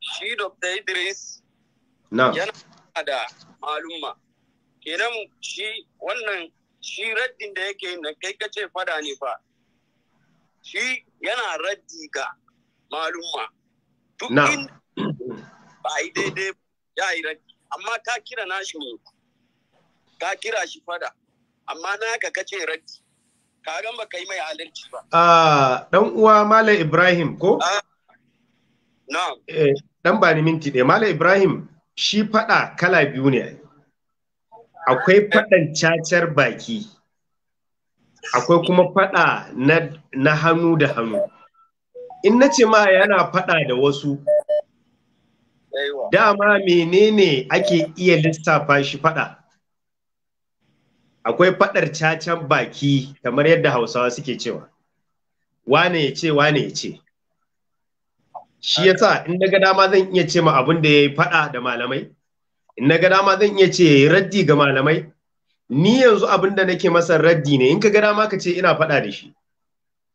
shi Dr. Idris yana da malumma kenan shi wannan shi raddin da yake nan kai ka ce fada ne fa shi yana raddi ga malumma duk in ba yi daidai ya yi raddi amma ka kira nashi ne ka kira shi fada amma naka ka ce raddi kagan ba ka yi mai ba. Ah, uwa Malam Ibrahim ko? dan eh, ba minti ɗaya. Malam Ibrahim shi faɗa kala biyu ne. Akwai faɗan cacar baki. Akwai kuma faɗa na, hannu da hannu. In na ce ma yana faɗa da wasu, dama menene ake iya lissafa shi faɗa? akwai faɗar cacan baki kamar yadda hausawa suke cewa wane ya ce wane ya ce shi ya sa in na gada dama zan iya ce ma abin da ya yi faɗa da malamai in na gada dama zan iya ce ya yi raddi ga malamai ni yanzu abin da nake masa raddi ne in ka ga dama ka ce ina faɗa da shi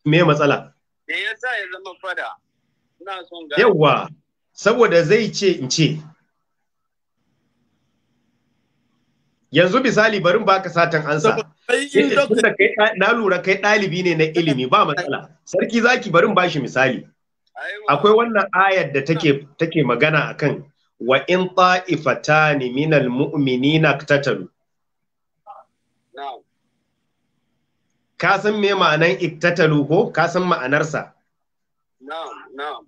me matsala me sa ya zama faɗa Yawwa, saboda zai ce in ce yanzu misali barin baka satan ansa eh, eh, na lura kai ɗalibi ne na ilimi ba matsala sarki zaki barin bashi misali akwai wannan ayar da take take magana akan wa in ta'ifatani min almu'minina iktatalu ka san me ma'anan iktatalu ko ka san ma'anarsa na'am na'am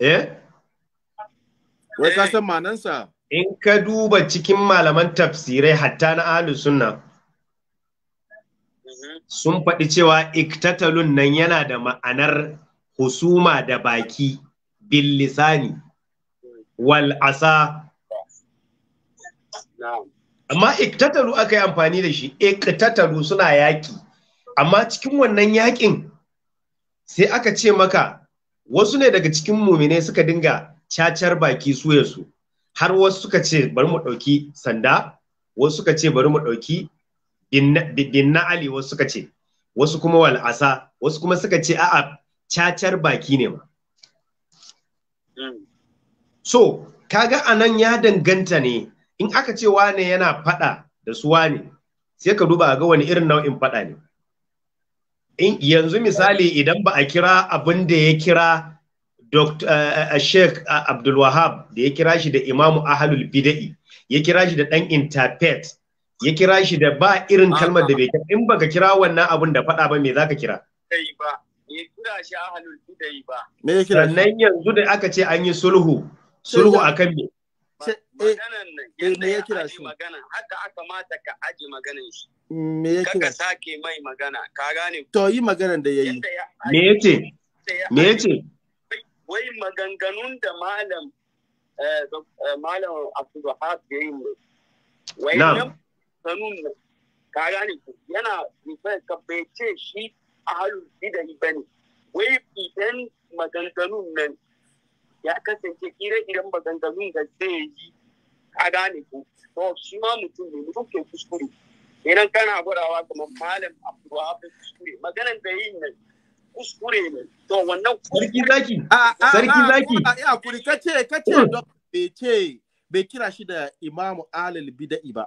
eh, eh. wai ka san ma'anarsa in ka duba cikin malaman tafsirai hatta na ahlus sunna mhm. sun faɗi cewa iktatalun nan yana da ma'anar husuma da baki bil lisani wal asa amma iktatalu aka yi amfani da shi iktatalu suna yaƙi amma cikin wannan yaƙin sai aka ce maka wasu ne daga cikin mumine suka dinga cacar baki su ya har wasu suka ce bari mu ɗauki sanda wasu suka ce bari mu ɗauki binna ali wasu suka ce wasu kuma wal'asa wasu kuma suka ce a'a cacar baki ne ma hmm. so kaga anan ya danganta ne in aka ce wane yana faɗa da su wane sai ka duba ga wani irin nau'in faɗa ne yanzu misali idan ba a kira abin da ya kira Dr. Eh, eh, eh, Sheikh Abdul Wahab da ya kira shi da Imamu Ahlul Bida'i ya kira shi da ɗan interpret ya kira shi da ba irin ah, kalmar da ah, bai kira in baka kira wannan abun da faɗa ba me zaka kira ba kira shi ahlul bida'i ba me ya kira sannan yanzu da aka ce an yi sulhu sulhu a kan me maganan nan yadda ya kira shi magana haka aka mata ka aji maganan shi me ya kira sake mai magana ka gane to yi maganan da ya yi. me ya ce? me ya ce? wai maganganun da malam eh, eh, malam abdulhaf ya yi mu wai nan sanun mu ka gane yana nufin ka bece ce shi ahalul bidai ba ne wai idan maganganun nan ya kasance kira idan maganganun da zai yi ka gane ku to shi ma mutum ne mutum ke kuskure idan kana gwadawa kamar malam abdulhaf kuskure maganan da yi nan kuskure ne to wannan sarki zaki sarki zaki a kuri kace kace don bai ce bai kira shi da imamu alal bida'i ba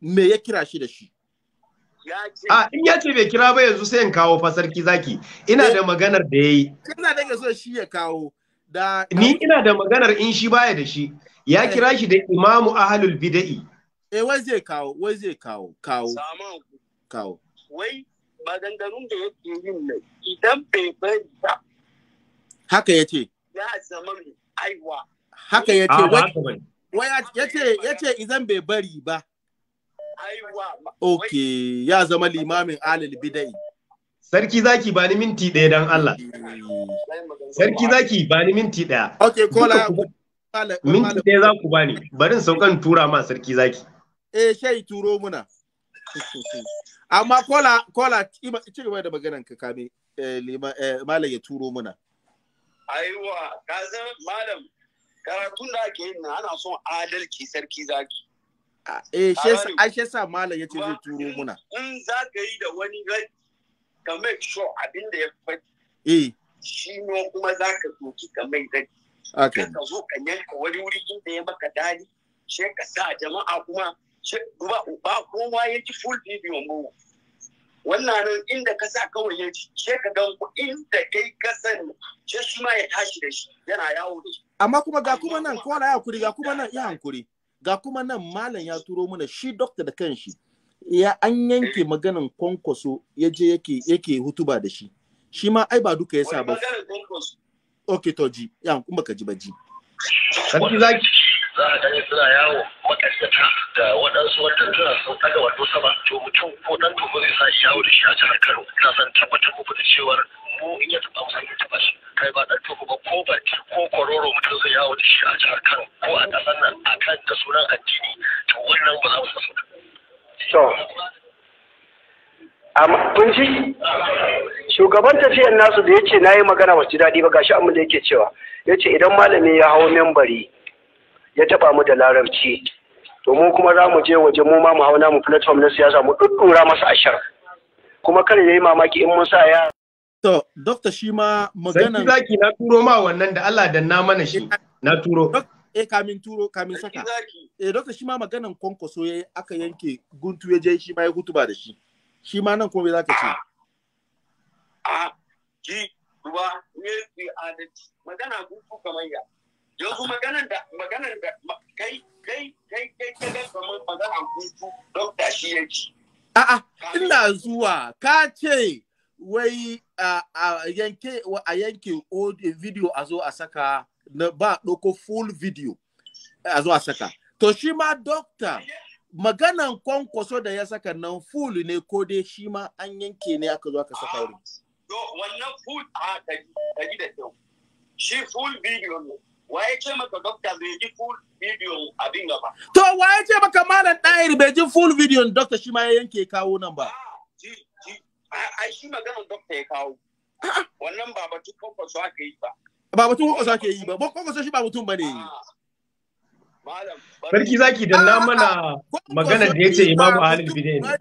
me ya kira shi da shi A in ya ce bai kira ba yanzu sai in kawo fa sarki zaki ina da maganar da yayi kana da so shi ya kawo da ni ina da maganar in shi baya da shi ya eh. kira shi da imamu ahlul bida'i eh wai zai kawo wai zai kawo kawo kawo wai maganganun da yake yin nan idan bai bari ba haka yace ya zama mai aiwa haka yace ah, wai yace yace idan bai bari ba aiwa okay ya zama limamin alal bidai Sarki zaki ba ni minti ɗaya don Allah. Eh. Sarki zaki ba ni minti ɗaya. Ok, kola. Minti ɗaya za ku bani. Barin saukan tura ma sarki zaki. Eh, shai turo muna. amma kola kola ci gaba da maganan ka kame eh, eh, malam ya turo muna aiwa ka san malam karatun da ake yin ana son adalci sarki zaki eh shi sa malam yace zai turo muna in za ka yi da wani ga ka make sure abin da ya faɗi eh shi ne kuma za ka doki ka mai rai ka zo ka yanka wani wuri inda ya maka dadi sai ka sa jama'a kuma ba kowa ya ji full video mu wannan nan inda ka sa kawai ya ji ce ka gan inda kai ka sani ce shi ma ya tashi da shi yana yawo da shi amma kuma ga kuma nan kowa ya kuri, ga kuma nan ya hankuri ga kuma nan malam ya turo mana shi dokta da kanshi ya an yanke maganin kwankwaso ya je yake yake hutuba da shi shi ma ai ba duka ya sa ba ok to ji ya kuma ka ji ba ji za a gani suna yawo makaskata da waɗansu wadanda suna sun ɗaga wato sama to mutum ko ɗan tuhu zai sa yawo da shi a jihar Kano ina san tabbatar muku da cewar mu in ya taɓa musu ta bashi kai ba ɗan tuhu ba ko baki ko kwaroro mutum zai yawo da shi a jihar Kano ko a ƙasar nan a kan da sunan addini to wannan ba za mu sa su. kun ji shugaban tafiyar nasu da ya ce na yi magana ba daɗi ba gashi abin da yake cewa ya ce idan malami ya hau membari ya taba mu da larabci to mu kuma za mu je waje mu ma mu hauna mu platform na siyasa mu duddura masa ashar kuma kar yayi mamaki in mun sa ya to doctor shi ma magana sai zaki na turo ma wannan da Allah danna mana shi eh, na turo eh kamin turo kamin saka eh doctor shi ma maganan konkoso yayi aka yanke guntu ya je shi ma ya hutuba da shi shi ma nan kuma me zaka ce a ki duba ne the adalci magana guntu kamar ya yanzu maganar da maganan da kai kai kai kai ka ga kamar maganar hutu dokta shi ya yake a'a ina zuwa ka ce wai a yanke a yanke video a zo a saka na ba ɗauko full video a zo a saka to shi ma dokta maganan kwankwaso da ya saka nan full ne ko dai shi ma an yanke ne aka zo aka saka wurin ah, wannan full a ah, kaji da kyau shi full video ne waye ce maka dokta bai ji full video abin gaba to waye ce maka malam dair bai ji full video dokta shi ma ya yanke kawo nan ba ah, ai shi maganar dokta ya kawo ah, ah. wannan ba batun kwakwaso aka yi ba ba batun kwakwaso aka yi ba kwakwaso shi ba mutum ba ne zaki da na mana magana da ya ce Imam Ahlul Bidai ne.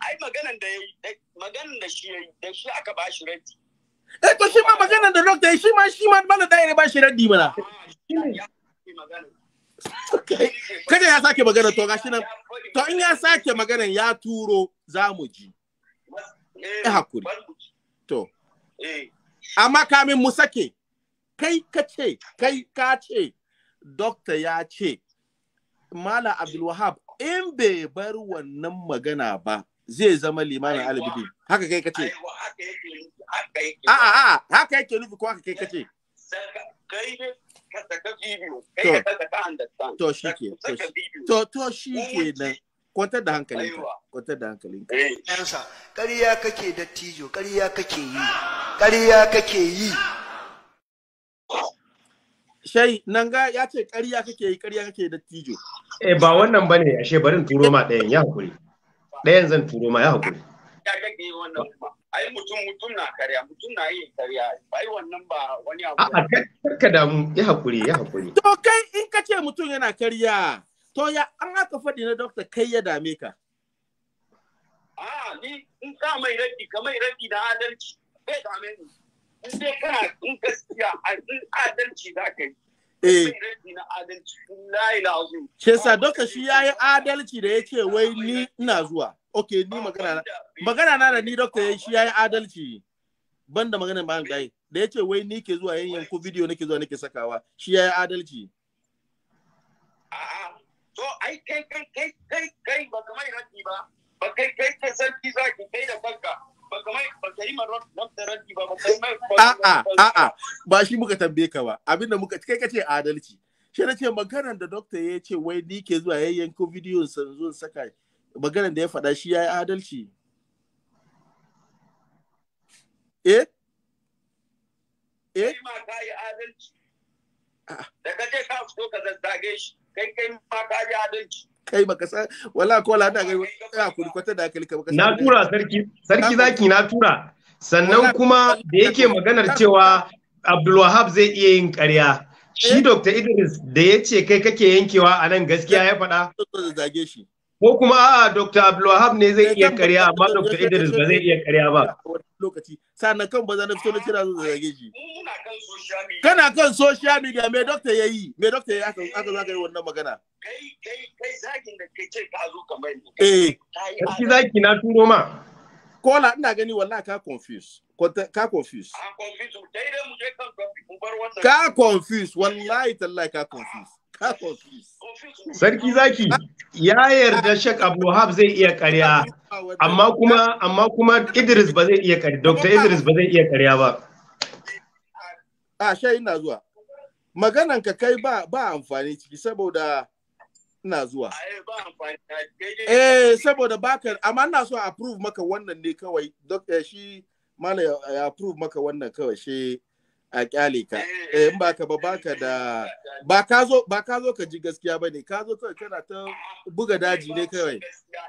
Ai maganan da shi da shi aka ba shi rati. eh to shi ma magana da dai, shi ma shi ma bala da ba shi raddi mana kada ya sake magana to gashi nan to in ya sake magana ya turo za mu ji eh hakuri to amma kamin mu sake kai ka ce kai ka ce doctor ya ce mala abdulwahab in bai bar wannan magana ba zai zama limamin alibi haka kai kace a a a haka yake nufi ko haka kai kace to to to shi ke da hankalinka kwantar da hankalinka eh. ƙarya kake dattijo ƙarya kake yi ƙarya kake yi shai nan ga ya ce ƙarya kake yi ƙarya kake dattijo eh ba wannan bane ashe barin turo ma ɗayan ya hakuri ɗayan zan turo ma ya haƙuri ya kake yi wannan ai mutum mutum na karya mutum na yin karya ai wannan ba wani abu A'a, a karka damu ya hakuri, ya hakuri. to kai in ka ce mutum yana karya to ya an haka faɗi na dokta kai ya dame ka a ni in ka mai raki ka mai raki da adalci bai dame ni in dai kana in gaskiya in adalci za ka yi Eh. Ke sa shi ya yi adalci da ya ce wai ni ina zuwa. Ok, ni magana na. Magana na da ni dokta shi ya yi adalci. Banda magana Da ya ce wai ni ke zuwa yan bidiyo nake zuwa nake sakawa. Shi ya yi adalci. To, ai kai kai kai kai kai ba ba. Ba kai kai kai sarki zaki kai da kanka. A'a, a'a, ba shi muka tambaye ka ba, abinda muka kai ka ce adalci. Shi na ce maganar da dokta ya ce wai ni ke zuwa ya yanko bidiyon sanzo saka maganar da ya faɗa shi ya yi adalci. Eh? Eh? ma ka yi adalci. Da ka je ka so ka zazzage shi, kai kai ma ka yi adalci. kai baka ko ga ya kurkwata da baka na tura sarki sarki zaki na tura sannan kuma da yake maganar cewa Abdulwahab zai iya yin ƙarya shi eh. Dr. Idris da ya ce kai kake yankewa a nan gaskiya ya faɗa zage shi ko kuma a'a Dr. Abdulwahab ne zai eh, iya karya amma Dr. Idris ba zai iya karya ba lokaci sannan kan ba na fito na kira zuwa zage shi kana kan social media me doctor yayi me doctor yayi aka aka zaka yi wannan magana kai kai kai zagin da kai ce ka zo kamar ni eh kai zaki na turo ma kola ina gani wallahi ka confuse ka confuse ka confuse wallahi tallahi ka confuse Sarki zaki ya yarda Shek Abu Wahab zai iya karya amma kuma amma kuma Idris ba zai iya karya Dr. Idris ba zai iya karya ba. A sha ina zuwa. Maganan ka kai ba ba amfani ciki saboda ina zuwa. Eh saboda baka amma ina so approve maka wannan ne kawai eh, shi mana ya approve maka wannan kawai shi a kyale ka eh, eh in baka ba baka da ba ka zo ba ka zo ka ji gaskiya ba ne ka zo kawai kana ta buga daji ne kawai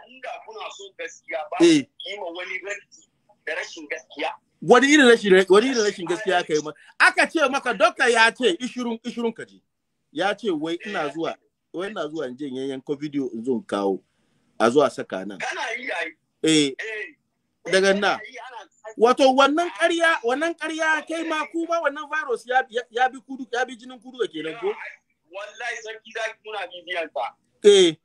inda kuna so gaskiya ba kima wani ranki da rashin gaskiya wani irin rashin wani irin rashin gaskiya kai ma aka ce maka dokta ya ce ishirun ishirun ka ji ya ce wai ina eh. zuwa wai ina zuwa in je in yayin ko video in zo in kawo a zuwa saka nan kana yi eh. eh daga nan Wato wannan ƙarya, wannan ƙarya kai ma ku ba wannan virus ya ya bi kudu ya bi jinin kudu da ke nan ko? Wallahi sarki zaki kuna bibiyan ta. Eh.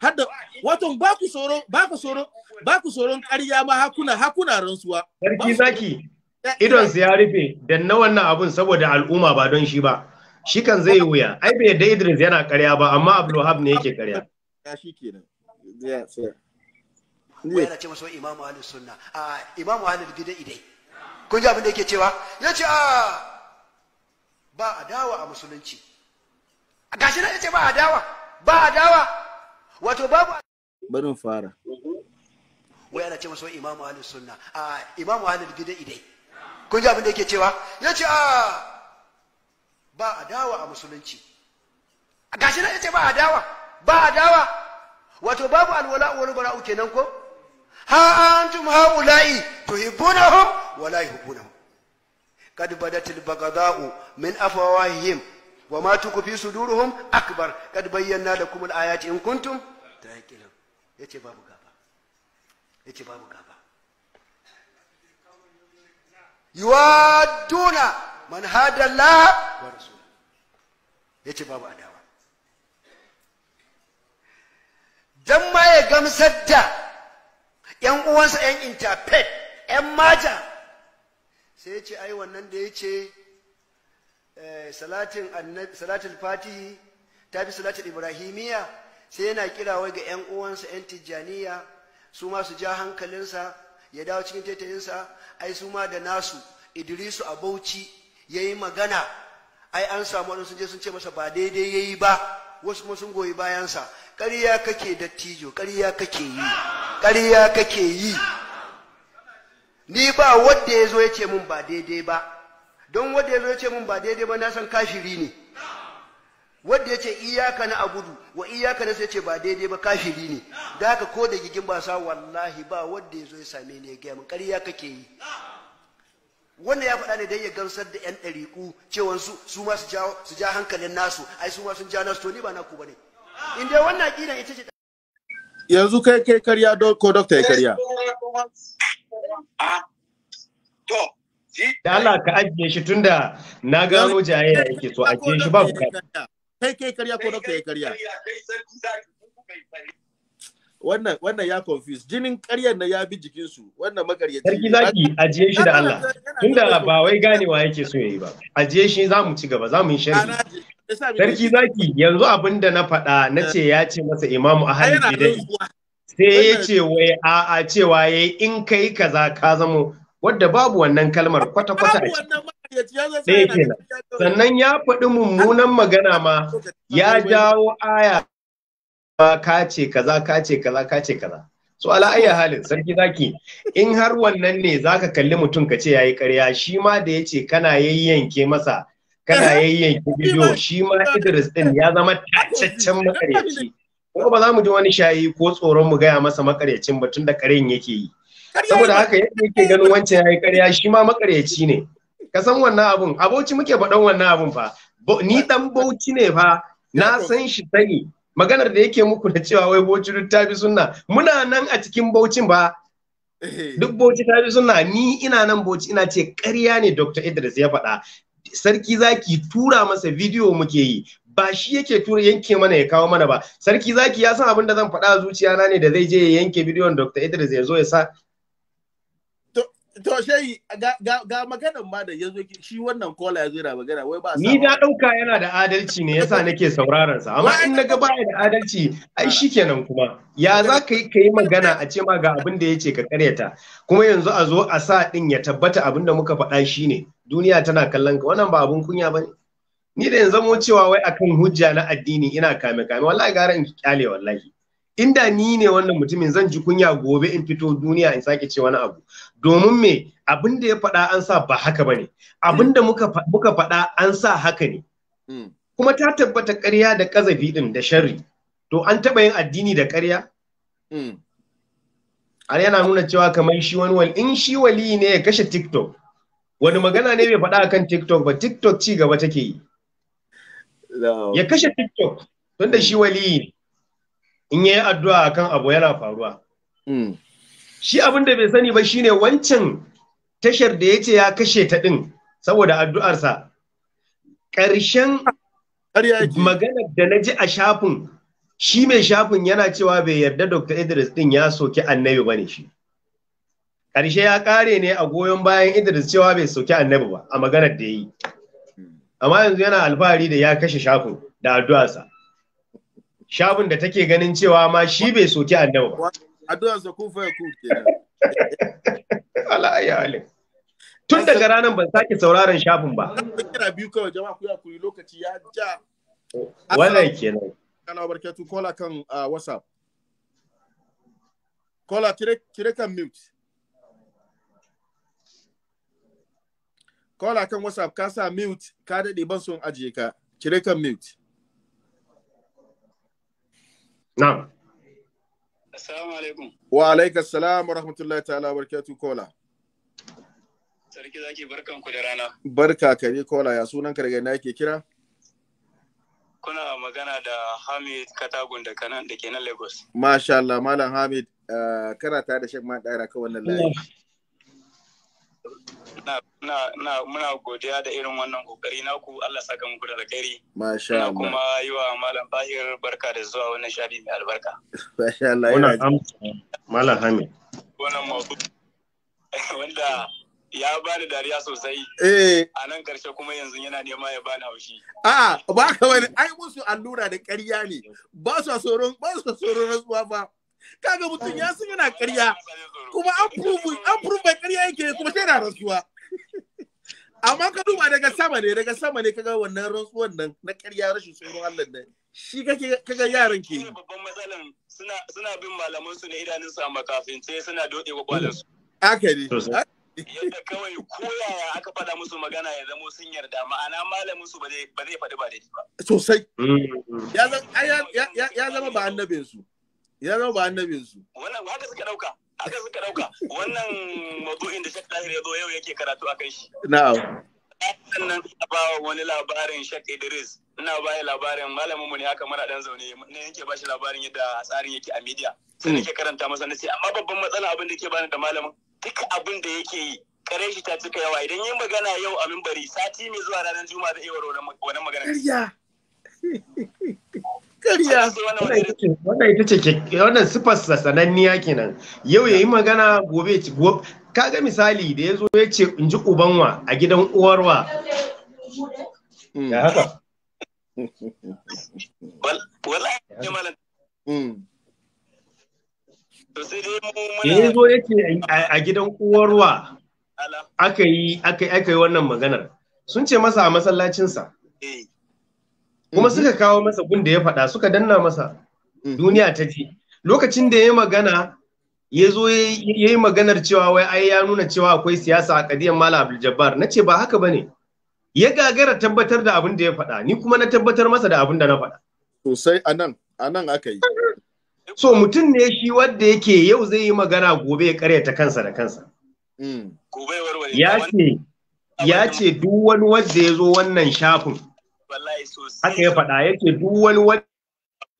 Hadda wato ba ku tsoro ba ku tsoro ba ku tsoron ƙarya ma hakuna hakuna rantsuwa. Sarki zaki eh, eh. idon su ya rufe dan na wannan abun saboda al'umma ba don shi ba. Shi kan zai wuya. Ai bai da Idris yana ƙarya ba amma Abdulhab ne yake ƙarya. Ya shi kenan. Yeah, sir. wai yana ce masa imamu ahlus sunna a imamu ahlul bid'a dai kun ji abin da yake cewa yace a ba adawa a musulunci gashi na yace ba adawa ba adawa wato babu barin fara wai ana ce masa imamu ahlus sunna a imamu ahlul bid'a idai. kun ji abin da yake cewa yace a ba adawa a musulunci gashi na yace ba adawa ba adawa wato babu alwala wal bara'u kenan ko ha antum haula'i tuhibbunahum wala la yuhibbunahum qad badat al-baghdha'u min afwahihim wa ma tukfi suduruhum akbar qad bayyana lakum al-ayati in kuntum taqilun yace babu gaba yace babu gaba yuwadduna man hada Allah wa rasul yace babu adawa dan ma ya gamsar da yan uwansa yan interpret yan maja sai ya ce ai wannan da ya ce eh, salatin fatihi ta fi salatin ibrahimiya sai yana kirawa ga yan uwansa yan tijjaniya su ma su ja hankalinsa ya dawo cikin taitayinsa ai su ma da nasu idrisu a bauchi ya yi magana ai an samu wani sun je sun ce masa ba daidai ya yi ba wasu kuma sun goyi bayansa ƙarya kake dattijo ƙarya kake yi ƙarya kake yi ni ba wanda ya zo ya ce mun ba daidai ba don wanda ya zo ya ce mun ba daidai ba na san kafiri ne wanda ya ce iyaka na abudu wa iyaka na sai ce ba daidai ba kafiri ne da haka ko da gigin ba sa wallahi ba wanda ya zo ya same ni ya gaya ƙarya kake yi wannan ya faɗa ne don ya gamsar da 'yan ɗariƙu cewa su ma su ja hankalin nasu ai su ma sun ja nasu to ni ba naku ba ne in dai wannan ƙina ita ce yanzu kai kai karya ko dokta ya karya to da Allah ka ajiye shi tunda na gano ya yake so ajiye shi ba bukata kai kai karya ko dokta ya karya wannan wannan ya confuse jinin ƙaryar na ya bi jikin su wannan makaryaci sarki zaki ajiye shi da Allah tunda ba wai ganewa yake so yayi ba ajiye shi za mu ci gaba zamu yi sharhi sarki zaki yanzu abin da na faɗa na ce ya ce masa imamu ahali bidai sai ya ce wai a a cewa yayi in kai kaza ka zamo wadda babu wannan kalmar kwata kwata a ciki sannan ya faɗi mummunan magana ma ya jawo aya ka ce kaza ka ce kaza ka ce kaza so ala ayya halin sarki zaki in har wannan ne zaka kalli mutum ka ce yayi ƙarya shi ma da yace kana yayyanke masa kana eh, yayyanke bidiyo shi ma Idris din ya zama tacaccen makaryaci Ko ba za mu ji wani shayi ko tsoron mu gaya masa makaryacin ba tunda karen yake yi saboda haka yadda yake ganin wancan yayi ƙarya shi ma makaryaci ne ka san wannan abun aboci muke faɗan wannan abun fa ni dan bauci ne fa na san shi sani maganar da yake muku da cewa wai bauchi duk ta bi sunna muna nan a cikin baucin ba eh. duk bauchi ta bi sunna ni ina nan bauchi ina ce karya ne dr idris ya faɗa sarki zaki tura masa bidiyo muke yi ba shi yake tura yanke mana ya kawo mana ba sarki zaki ya san abin da zan faɗa zuciya na ne da zai je ya yanke bidiyon dr idris ya zo ya sa to ga maganan ma da yanzu shi wannan kola ya zira yana magana wai ba ni na dauka yana da adalci ne yasa nake sauraron sa amma in naga baya da adalci ai shi kenan kuma ya za ka yi ka magana a ce ma ga abin da ce ka karyata kuma yanzu a zo a sa din ya tabbata abin da muka faɗa shine duniya tana kallon ka wannan ba abun kunya bane ni da yanzu mu cewa wai akan hujja na addini ina kame kame wallahi gara in kyale wallahi inda ni ne wannan mutumin zan ji kunya gobe in fito duniya in sake ce wani abu domin me abin da ya faɗa an sa ba haka ba ne abin da hmm. muka faɗa an sa haka ne hmm. kuma ta tabbata ƙarya da ƙazafi ɗin da sharri to an taɓa yin addini da ƙarya hmm. an yana nuna cewa kamar shi wani wali in shi wali ne ya kashe tiktok wani magana ne bai faɗa akan tiktok ba tiktok ci gaba take yi ya kashe tiktok tunda shi wali ne in yi addu'a akan abu yana faruwa shi abin da bai sani ba shine wancan tashar da ya ce ya kashe ta ɗin saboda addu'arsa ƙarshen maganar da na ji a shafin shi mai shafin yana cewa bai yarda dr idris ɗin ya soki annabi ba shi ƙarshe ya ƙare ne a goyon bayan idris cewa bai soki annabi ba a maganar da ya yi amma yanzu yana alfahari da ya kashe shafin da addu'arsa shafin da take ganin cewa ma shi bai soki annabi ba addu'an sa kun faya kun kenan ala ayyali tun daga ranar ban sake sauraron shafin ba kira biyu kawai jama'a ku ya ku lokaci ya ja wannan kenan kana barkatu kola kan uh, whatsapp kola kire kire kan mute kola kan whatsapp ka sa mute ka daɗe ban son ajiye ka kire kan mute na'am Assalamu alaikum. Wa alaika assalam wa rahmatullahi ta'ala wa barakatuh kola. Sarki zaki barkan ku da rana. Barka kare kola ya sunan ka daga ina kira? Kuna magana da Hamid Katagun da kanan da ke nan Lagos. Masha Allah Malam Hamid eh, kana tare da Sheikh Maɗaira kawai wannan layi. muna godiya da irin wannan kokari ku Allah saka muku da alkhairi masha Allah kuma yi wa malam Bahir barka da zuwa wannan shari mai albarka masha Allah wannan malam hami wannan mabu wanda ya bani dariya sosai eh. a nan karshe kuma yanzu yana nema ya bani haushi a'a ba ka wani ai musu allura da ƙarya ne ba su tsoron ba su tsoron rasuwa ba kaga mutum ya san yana karya kuma an prove an prove bai karya yake kuma sai na rasuwa. amma ka duba daga sama ne daga sama ne kaga wannan rantsuwan nan na karya rashin tsoron Allah nan shi kake kaga yaran ke yi babban matsalan suna suna bin malaman su ne idanun su a makafin sai suna dode kwalan su haka ne yadda kawai koyaya aka faɗa musu magana ya zamo sun yarda ma'ana malamin su ba zai faɗi ba daidai ba sosai mm. ya zama ba annabin su ya zama ba annabin su wannan haka suka dauka haka suka dauka wannan mabu'in da Sheikh Tahir ya zo yau yake karatu a kan shi na'am sannan a ba wani labarin Sheikh Idris ina ba labarin malamin mu ne haka mara dan zaune ne yake ba shi labarin yadda tsarin yake a media sai nake karanta masa na ce amma babban matsala abin da ke bani da malamin duka abin da yake yi kare shi ta cika yawa idan yin magana yau a bari sati mai zuwa ranar juma'a da iya wani magana Ƙarya. Wannan ita ce wannan sifar sananniya kenan. Yau ya yi magana gobe ci kaga misali da ya zo ya ce in ji ubanwa a gidan uwarwa. Mm. Ya haka. Wallahi mm. Ya zo ya ce a gidan uwarwa aka yi wannan maganar. Sun ce masa a masallacinsa. Eh. kuma suka mhm. kawo masa gunda ya faɗa suka danna masa mhm. duniya ta ji lokacin da ya magana ya zo yi maganar cewa wai ai ya nuna cewa akwai siyasa a kadiyar malam abdul jabbar na ce ba haka bane ya gagara tabbatar da abin da ya faɗa ni kuma na tabbatar masa da abin da na faɗa sosai anan anan aka yi so mutum ne shi wanda yake yau zai yi magana gobe ya karyata kansa da kansa mm. ya ce ya ce duk wani wanda ya zo wannan shafin wallahi sosai haka ya faɗa yake duk wani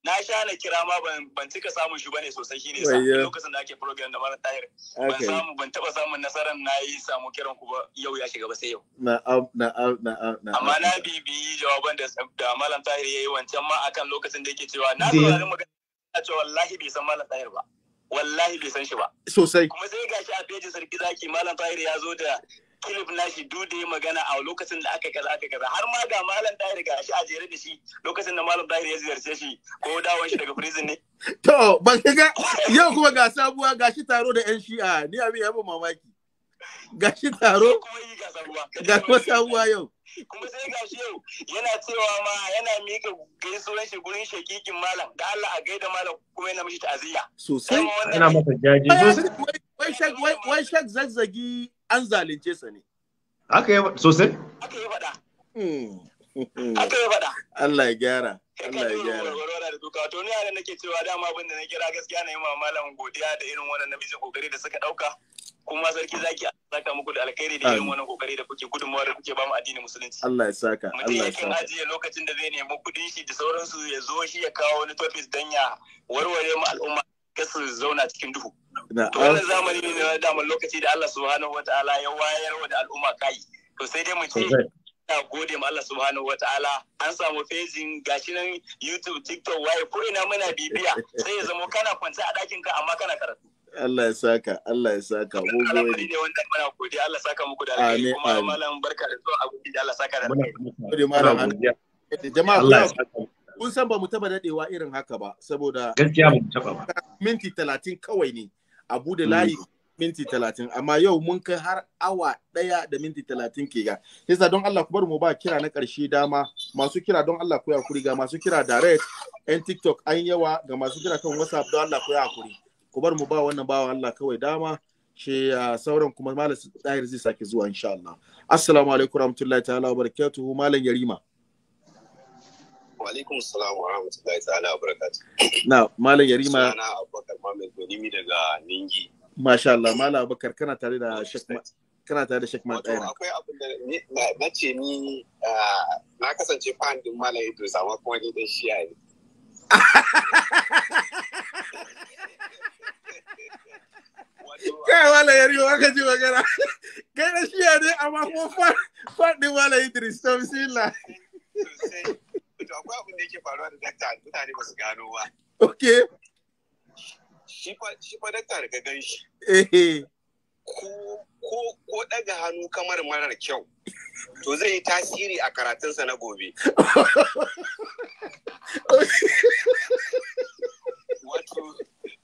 na sha na kira ma ban ban cika samun shi bane sosai shine sa lokacin da ake program da mara tayar ban samu ban taba samun nasarar na yi samu kiran ku ba yau ya shiga ba sai yau na'am na'am na'am na'am amma na bibiyi jawaban da da malam tahir yayi wancan ma akan lokacin da yake cewa na saurari magana a cewa wallahi bai san malam tahir ba wallahi bai san shi ba sosai kuma sai gashi a pejin sarki zaki malam tahir ya zo da Philip nashi duk da ya magana a lokacin da aka kaza aka kaza har ma ga malam dahir ga shi a jere da shi lokacin da malam dahir ya ziyarce shi ko dawon shi daga prison ne to ba ga yau kuma ga sabuwa ga shi taro da yan shi'a ni abin ya mamaki ga shi taro ga kuma sabuwa yau kuma sai ga shi yau yana cewa ma yana mika gaisuwan shi gurin shakikin malam ga Allah a gaida malam kuma yana mishi ta'aziyya sosai yana masa jaji sosai wai shak wai shak zazzagi an zalunce sa ne aka yi sosai aka yi faɗa hmm. aka yi faɗa Allah ya gyara Allah ya gyara to ni a nake cewa dama abin da na kira gaskiya na yi ma malam godiya da irin wannan namijin kokari da suka dauka kuma sarki zaki saka muku da alkhairi da irin wannan kokari da kuke gudunmawa da kuke bamu addinin musulunci. Allah ya saka. Mutum yakan ajiye lokacin da zai nemi kuɗin shi da sauransu ya zo shi ya kawo wani tofis don ya warware mu al'umma gasu zauna cikin duhu to wannan zamani ne na daman lokaci da Allah subhanahu wa ta'ala ya wayar wa da al'umma kai to sai dai mu ce ina gode ma Allah subhanahu wa ta'ala an samu fezin gashi nan YouTube TikTok waye ko ina muna bibiya sai ya zama kana kwance a ɗakin ka amma kana karatu Allah ya saka, Allah ya saka, mu gode. ne wanda muna godiya, Allah saka muku da alheri kuma malam barka da zuwa a da Allah saka da alheri. Gode malam. Jama'a Allah ya saka. kun san ba mu taba dadewa irin haka ba saboda gaskiya ba mu taba ba minti 30 kawai ne a bude mm. layi minti 30 amma yau mun kai har awa daya da minti 30 ke ga yasa don Allah ku bar mu ba kira na karshe dama masu kira don Allah ku kuri ga masu kira direct yan TikTok an yawa ga masu kira kan WhatsApp don Allah ku kuri ku bar mu ba wannan bawa Allah kawai dama shi ah, sauran kuma malam tsahir zai sake zuwa insha Allah assalamu alaikum warahmatullahi ta'ala wa malam yarima Wa alaikum salam wa rahmatullahi ta'ala wa barakatuh. Na Malam Yarima. Sana Abubakar Muhammad Gonimi daga Ningi. Masha Allah Malam Abubakar kana tare da Sheikh kana tare da Sheikh Matsayar. Akwai abin da na ce ni ah, na kasance fan din Malam Idris amma kuma ni dan shiya ne. kai wala ya riwa aka ji magana kai da shiya ne amma kuma din wala idris to bismillah mutane gano ba okay shi eh. ko ko daga hannu kamar marar kyau to yi tasiri a karatunsa na gobe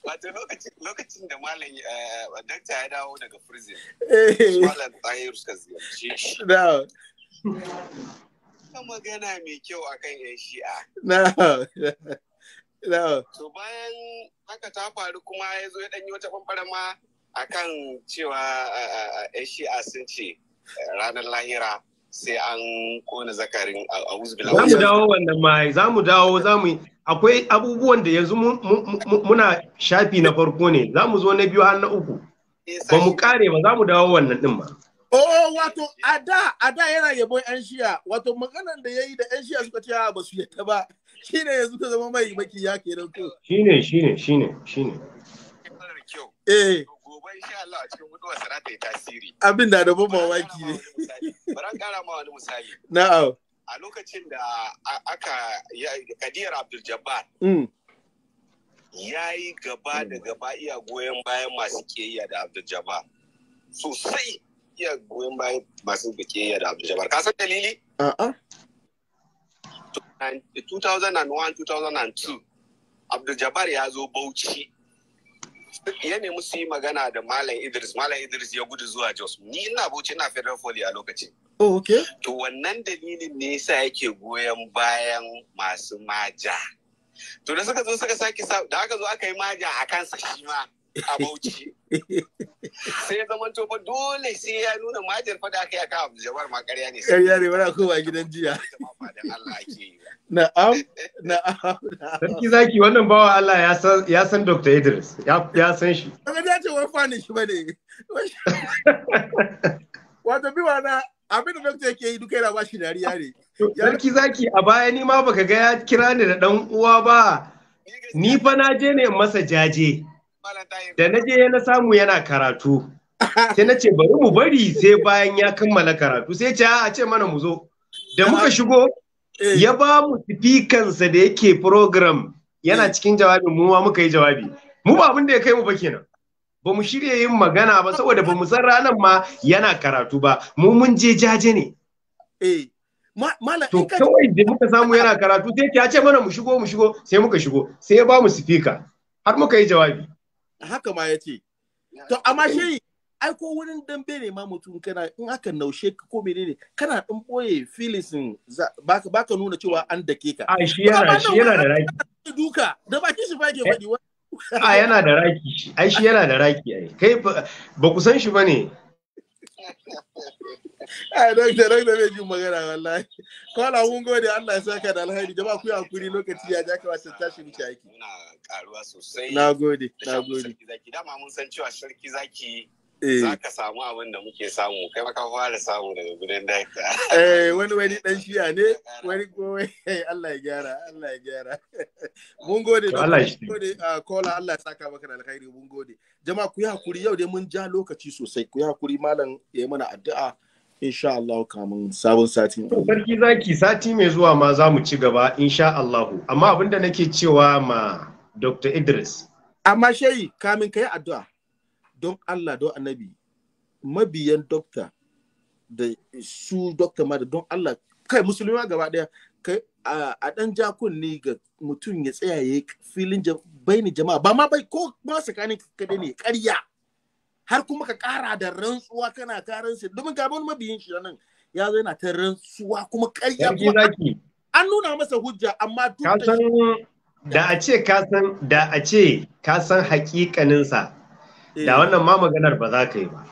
wato da eh, dakta ya dawo daga prison eh. malam Ka magana mai kyau akan yan shi'a. na. Na. To bayan haka ta faru kuma ya zo ya ɗanyi wata ɓanɓara ma akan cewa yan shi'a sun ce eh, ranar lahira sai an kona zakarin a uzbila. Za mu dawo wannan ma za mu dawo za mu akwai abubuwan da yanzu muna shafi na farko ne za mu zo na biyu har na uku. Eh, ba mu kare ba za mu dawo wannan ɗin ba. Oh, wato, a da, yana yabon 'yan shiya, wato maganan da ya yi da 'yan shiya suka ce ba su yadda ba, shi ne yanzu ka zama mai maki ya ke nan to. Shi ne, shi ne, shi ne, shi ne. Eh. Gobe insha Allah a cikin guduwa sana ta yi tasiri. Abin da da ban mamaki ne. Baran kara ma wani misali. Na'am. A lokacin da aka Kadir Abdul Jabbar. Mm. Ya yi gaba da gaba iya goyon bayan masu kiyayya da Abdul Jabbar. Sosai. iya goyon bayan masu bikiyayya da Ka san dalili? A'a. 2001-2002 Abdul ya zo Bauchi. Ya nemi su yi magana da Malam Idris. Malam Idris ya gudu zuwa Jos. Ni ina Bauchi ina Federal a lokacin. Oh, okay. To wannan dalilin ne yasa yake goyon bayan masu maja. To da suka zo suka sake da aka zo aka yi maja a kansa shi ma a Bauchi. sai zaman to fa dole sai ya nuna majar fa da aka yi aka abu jawar ma ƙarya ne ƙarya ne wani kowa gidan jiya na'am na'am sarki zaki wannan bawa Allah ya san Dr. Idris ya san shi kaga da ce 'Wani fani shi bane wato bi wana abin da Dr. yake yi duka yana ba shi dariya ne sarki zaki a baya ni ma baka ga ya kira ni da dan uwa ba ni fa na je ne masa jaje da na je na samu yana karatu sai na ce bari mu bari sai bayan ya kammala karatu sai ce a ce mana mu zo da muka shigo eh. ya ba mu sa da yake program yana eh. cikin jawabin mu ma muka yi jawabi mu ba abin da ya kai mu ba kenan ba mu shirya yin magana ba saboda ba mu san ranar ma yana karatu ba mu mun je jaje ne eh. to kawai da muka samu yana karatu sai a ce mana mu shigo mu shigo sai muka shigo sai ya ba mu sifika har muka yi jawabi haka ma ya ce to amma shi ai ko wurin dambe ne ma mutum kana in aka naushe ka ko menene kana dan boye filisin baka baka nuna cewa an dake ka a shi yana shi yana da raki duka da baki shi bake eh, fadi a yana da raki ai shi yana da raki ai kai ba ku san shi bane ai don da bai jin magana wallahi kola mun gode Allah ya saka da alheri jama'a ku hakuri lokaci ya ja kawai tashi miki aiki muna karuwa sosai nagode nagode zaki dama mun san cewa sarki zaki eh. za ka samu abin da muke samu kai maka fara samu daga gudun daika eh wani wani dan shiya ne wani kowai Allah ya gyara Allah ya gyara mun gode da gode kola ah, Allah ya saka maka da alkhairi mun gode jama'a ku yi hakuri yau dai mun ja lokaci sosai ku yi hakuri malam ya yi mana addu'a insha Allah kamun sabon sati. To sarki zaki sati mai zuwa ma za mu ci gaba insha Allah. Amma abin da nake cewa ma Dr. Idris. Amma shehi kamin ka yi addu'a don Allah don annabi mabiyan dokta da su dokta ma don Allah kai musulma gaba daya kai a dan jakun ne ga mutum ya tsaya ya filin baini jama'a ba ma bai ko ma tsakanin kadai ne ƙarya. har kuma ka ƙara da rantsuwa kana ta shi domin ga wani mabiyin shi nan ya zo yana ta rantsuwa kuma ƙarya an nuna masa hujja amma duk da da a ce ka san da a ce ka san hakikanin sa eh. da wannan ma maganar ba za ka yi ba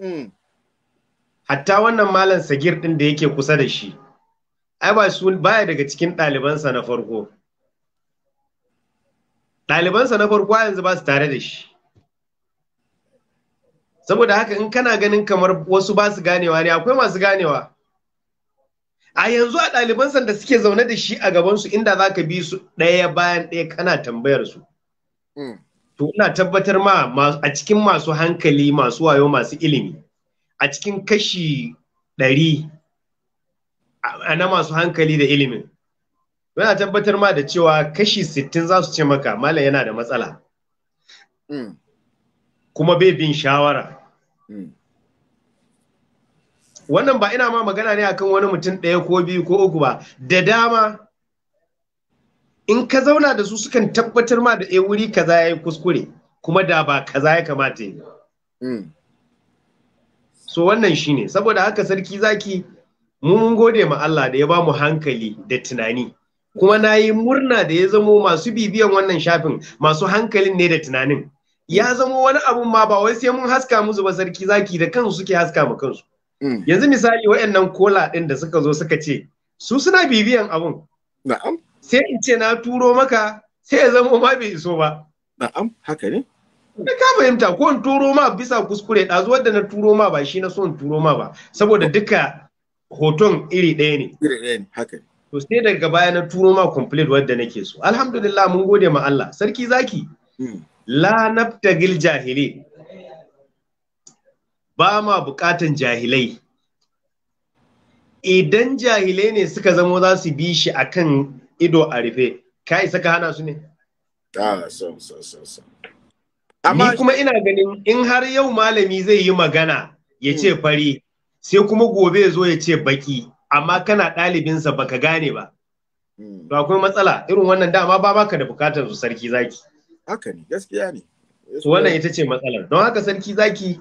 mm. hatta wannan malam sagir din da yake kusa da shi ai ba su baya daga cikin ɗalibansa na farko ɗalibansa na farko yanzu ba su tare da shi saboda haka in kana ganin kamar wasu ba su ganewa ne akwai masu ganewa a yanzu a ɗaliban sanda suke zaune da shi a gabansu inda za ka bi su ɗaya bayan ɗaya kana tambayar su hmm. to ina tabbatar ma a cikin masu hankali masu wayo masu ilimi a cikin kashi ɗari na masu hankali da ilimin yana tabbatar ma da cewa kashi sittin za su ce maka malam yana da matsala hmm. kuma bai bin shawara hmm. wannan ba ina ma magana ne akan wani mutum ɗaya ko biyu ko uku ba da dama in ka zauna da su sukan tabbatar ma da eh, wuri kaza ya yi kuskure kuma da ba kaza ya kamata yi hmm. so wannan shi ne saboda haka sarki zaki mun gode ma Allah da ya ba mu hankali da tunani kuma na yi murna da ya zamo masu bibiyan wannan shafin masu hankalin ne da tunanin ya zama wani abun ma ba wai sai mun haska musu ba sarki zaki da kansu suke haska ma kansu mm. yanzu misali waɗannan kola ɗin da suka zo suka ce su suna bibiyan abun na'am sai in ce na turo maka sai ya zama ma bai iso ba na'am haka ne na ka fahimta ko in turo ma bisa kuskure ɗazu wadda na turo ma ba shi na so in turo ma ba saboda duka hoton iri ɗaya ne iri ɗaya ne haka ne to sai daga baya na turo ma complete wadda nake so alhamdulillah mun gode ma Allah sarki zaki mm. la nabtagil jahili ba ma bukatan jahilai idan jahilai ne suka zamo za su bi shi akan ido a rufe ka isa ka hana su ne ah, Ni kuma ina ganin in har yau malami zai yi magana ya ce hmm. fari sai kuma gobe ya zo ya ce baki amma kana ɗalibinsa baka gane ba. Hmm. To akwai matsala irin wannan dama ba baka da bukatar su sarki zaki. haka ne gaskiya ne wannan ita ce matsalar don haka sarki zaki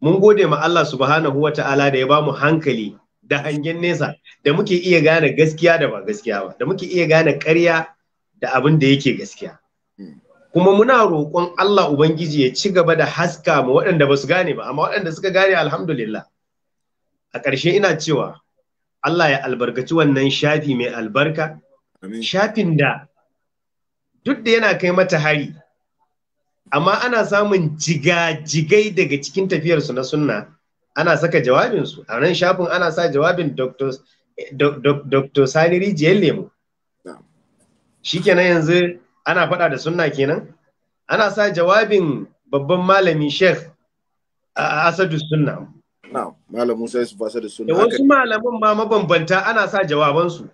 mun gode ma Allah subhanahu wa ta'ala da ya bamu hankali da hangen nesa da muke iya gane gaskiya da ba gaskiya ba da muke iya gane ƙarya da abin da yake gaskiya hmm. kuma muna roƙon Allah ubangiji ya ci gaba da haska mu waɗanda ba su gane ba amma waɗanda suka gane alhamdulillah a ƙarshe ina cewa Allah ya albarkaci wannan shafi mai albarka shafin da duk da yana kai mata hari amma ana samun jiga-jigai daga cikin tafiyarsu na sunna ana saka jawabinsu a nan shafin ana sa jawabin dr sani rijiyar lemu shikenan yanzu ana faɗa da sunna kenan ana sa jawabin babban malami sheikh a asadu sunna malam musa yusuf asadu sunna da wasu malaman ma mabambanta ana sa jawabansu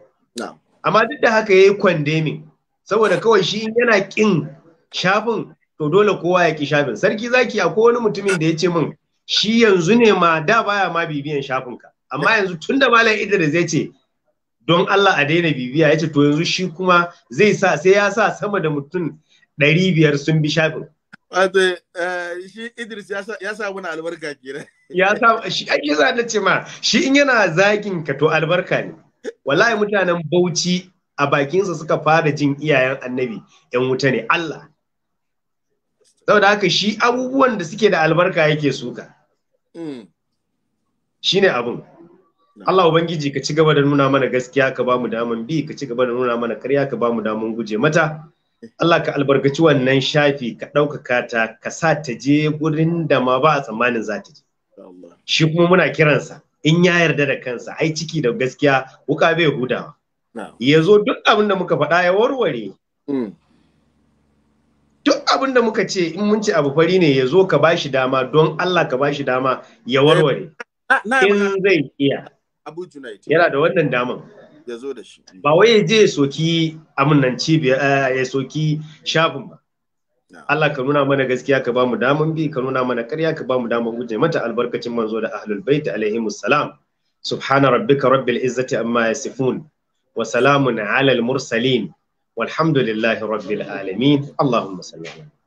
amma duk da haka yayi kwandemin saboda kawai shi yana kin shafin to dole kowa ya ki shafin sarki zaki akwai wani mutumin da ya ce min shi yanzu ne ma da baya ma bibiyan shafin ka amma yanzu tunda malam Idris ya ce don Allah a daina bibiya ya ce to yanzu shi kuma zai sa sai ya sa sama da mutum ɗari biyar sun bi shafin Wato, eh, shi Idris ya sa wani albarka kira Ya sa, shi ake za na ce ma, shi in yana zagin ka to albarka ne. Wallahi mutanen Bauchi a bakinsa suka fara jin iyayen annabi ‘yan wuta ne Allah. Saboda haka shi abubuwan da suke da albarka yake suka. Mm. Shi ne abin. Allah Ubangiji ka ci gaba da nuna mana gaskiya ka ba mu daman bi ka ci gaba da nuna mana karya ka ba mu daman guje mata. Allah ka albarkaci wannan shafi ka ɗaukaka ta ka sa ta je gurin da ma ba a tsammanin za ta je. Shi kuma muna kiransa in ya yarda da kansa ai ciki da gaskiya wuka bai hudawa. ya zo duk abin da muka faɗa ya warware hmm. duk abin da muka ce in mun ce abu fari ne ya zo ka ba shi dama don Allah ka ba shi dama ya warware in zai iya yana da wannan daman da shi ba wai ya je ya soki amin cibiya eh, ya soki shafin ba Allah ka nuna mana gaskiya ka bamu daman bi ka nuna mana ƙarya ka bamu daman guje mata albarkacin manzo da ahlul bait alaihimus salam subhana rabbika rabbil izzati amma yasifun wa salamun alal mursalin walhamdulillahi rabbil alamin allahumma salli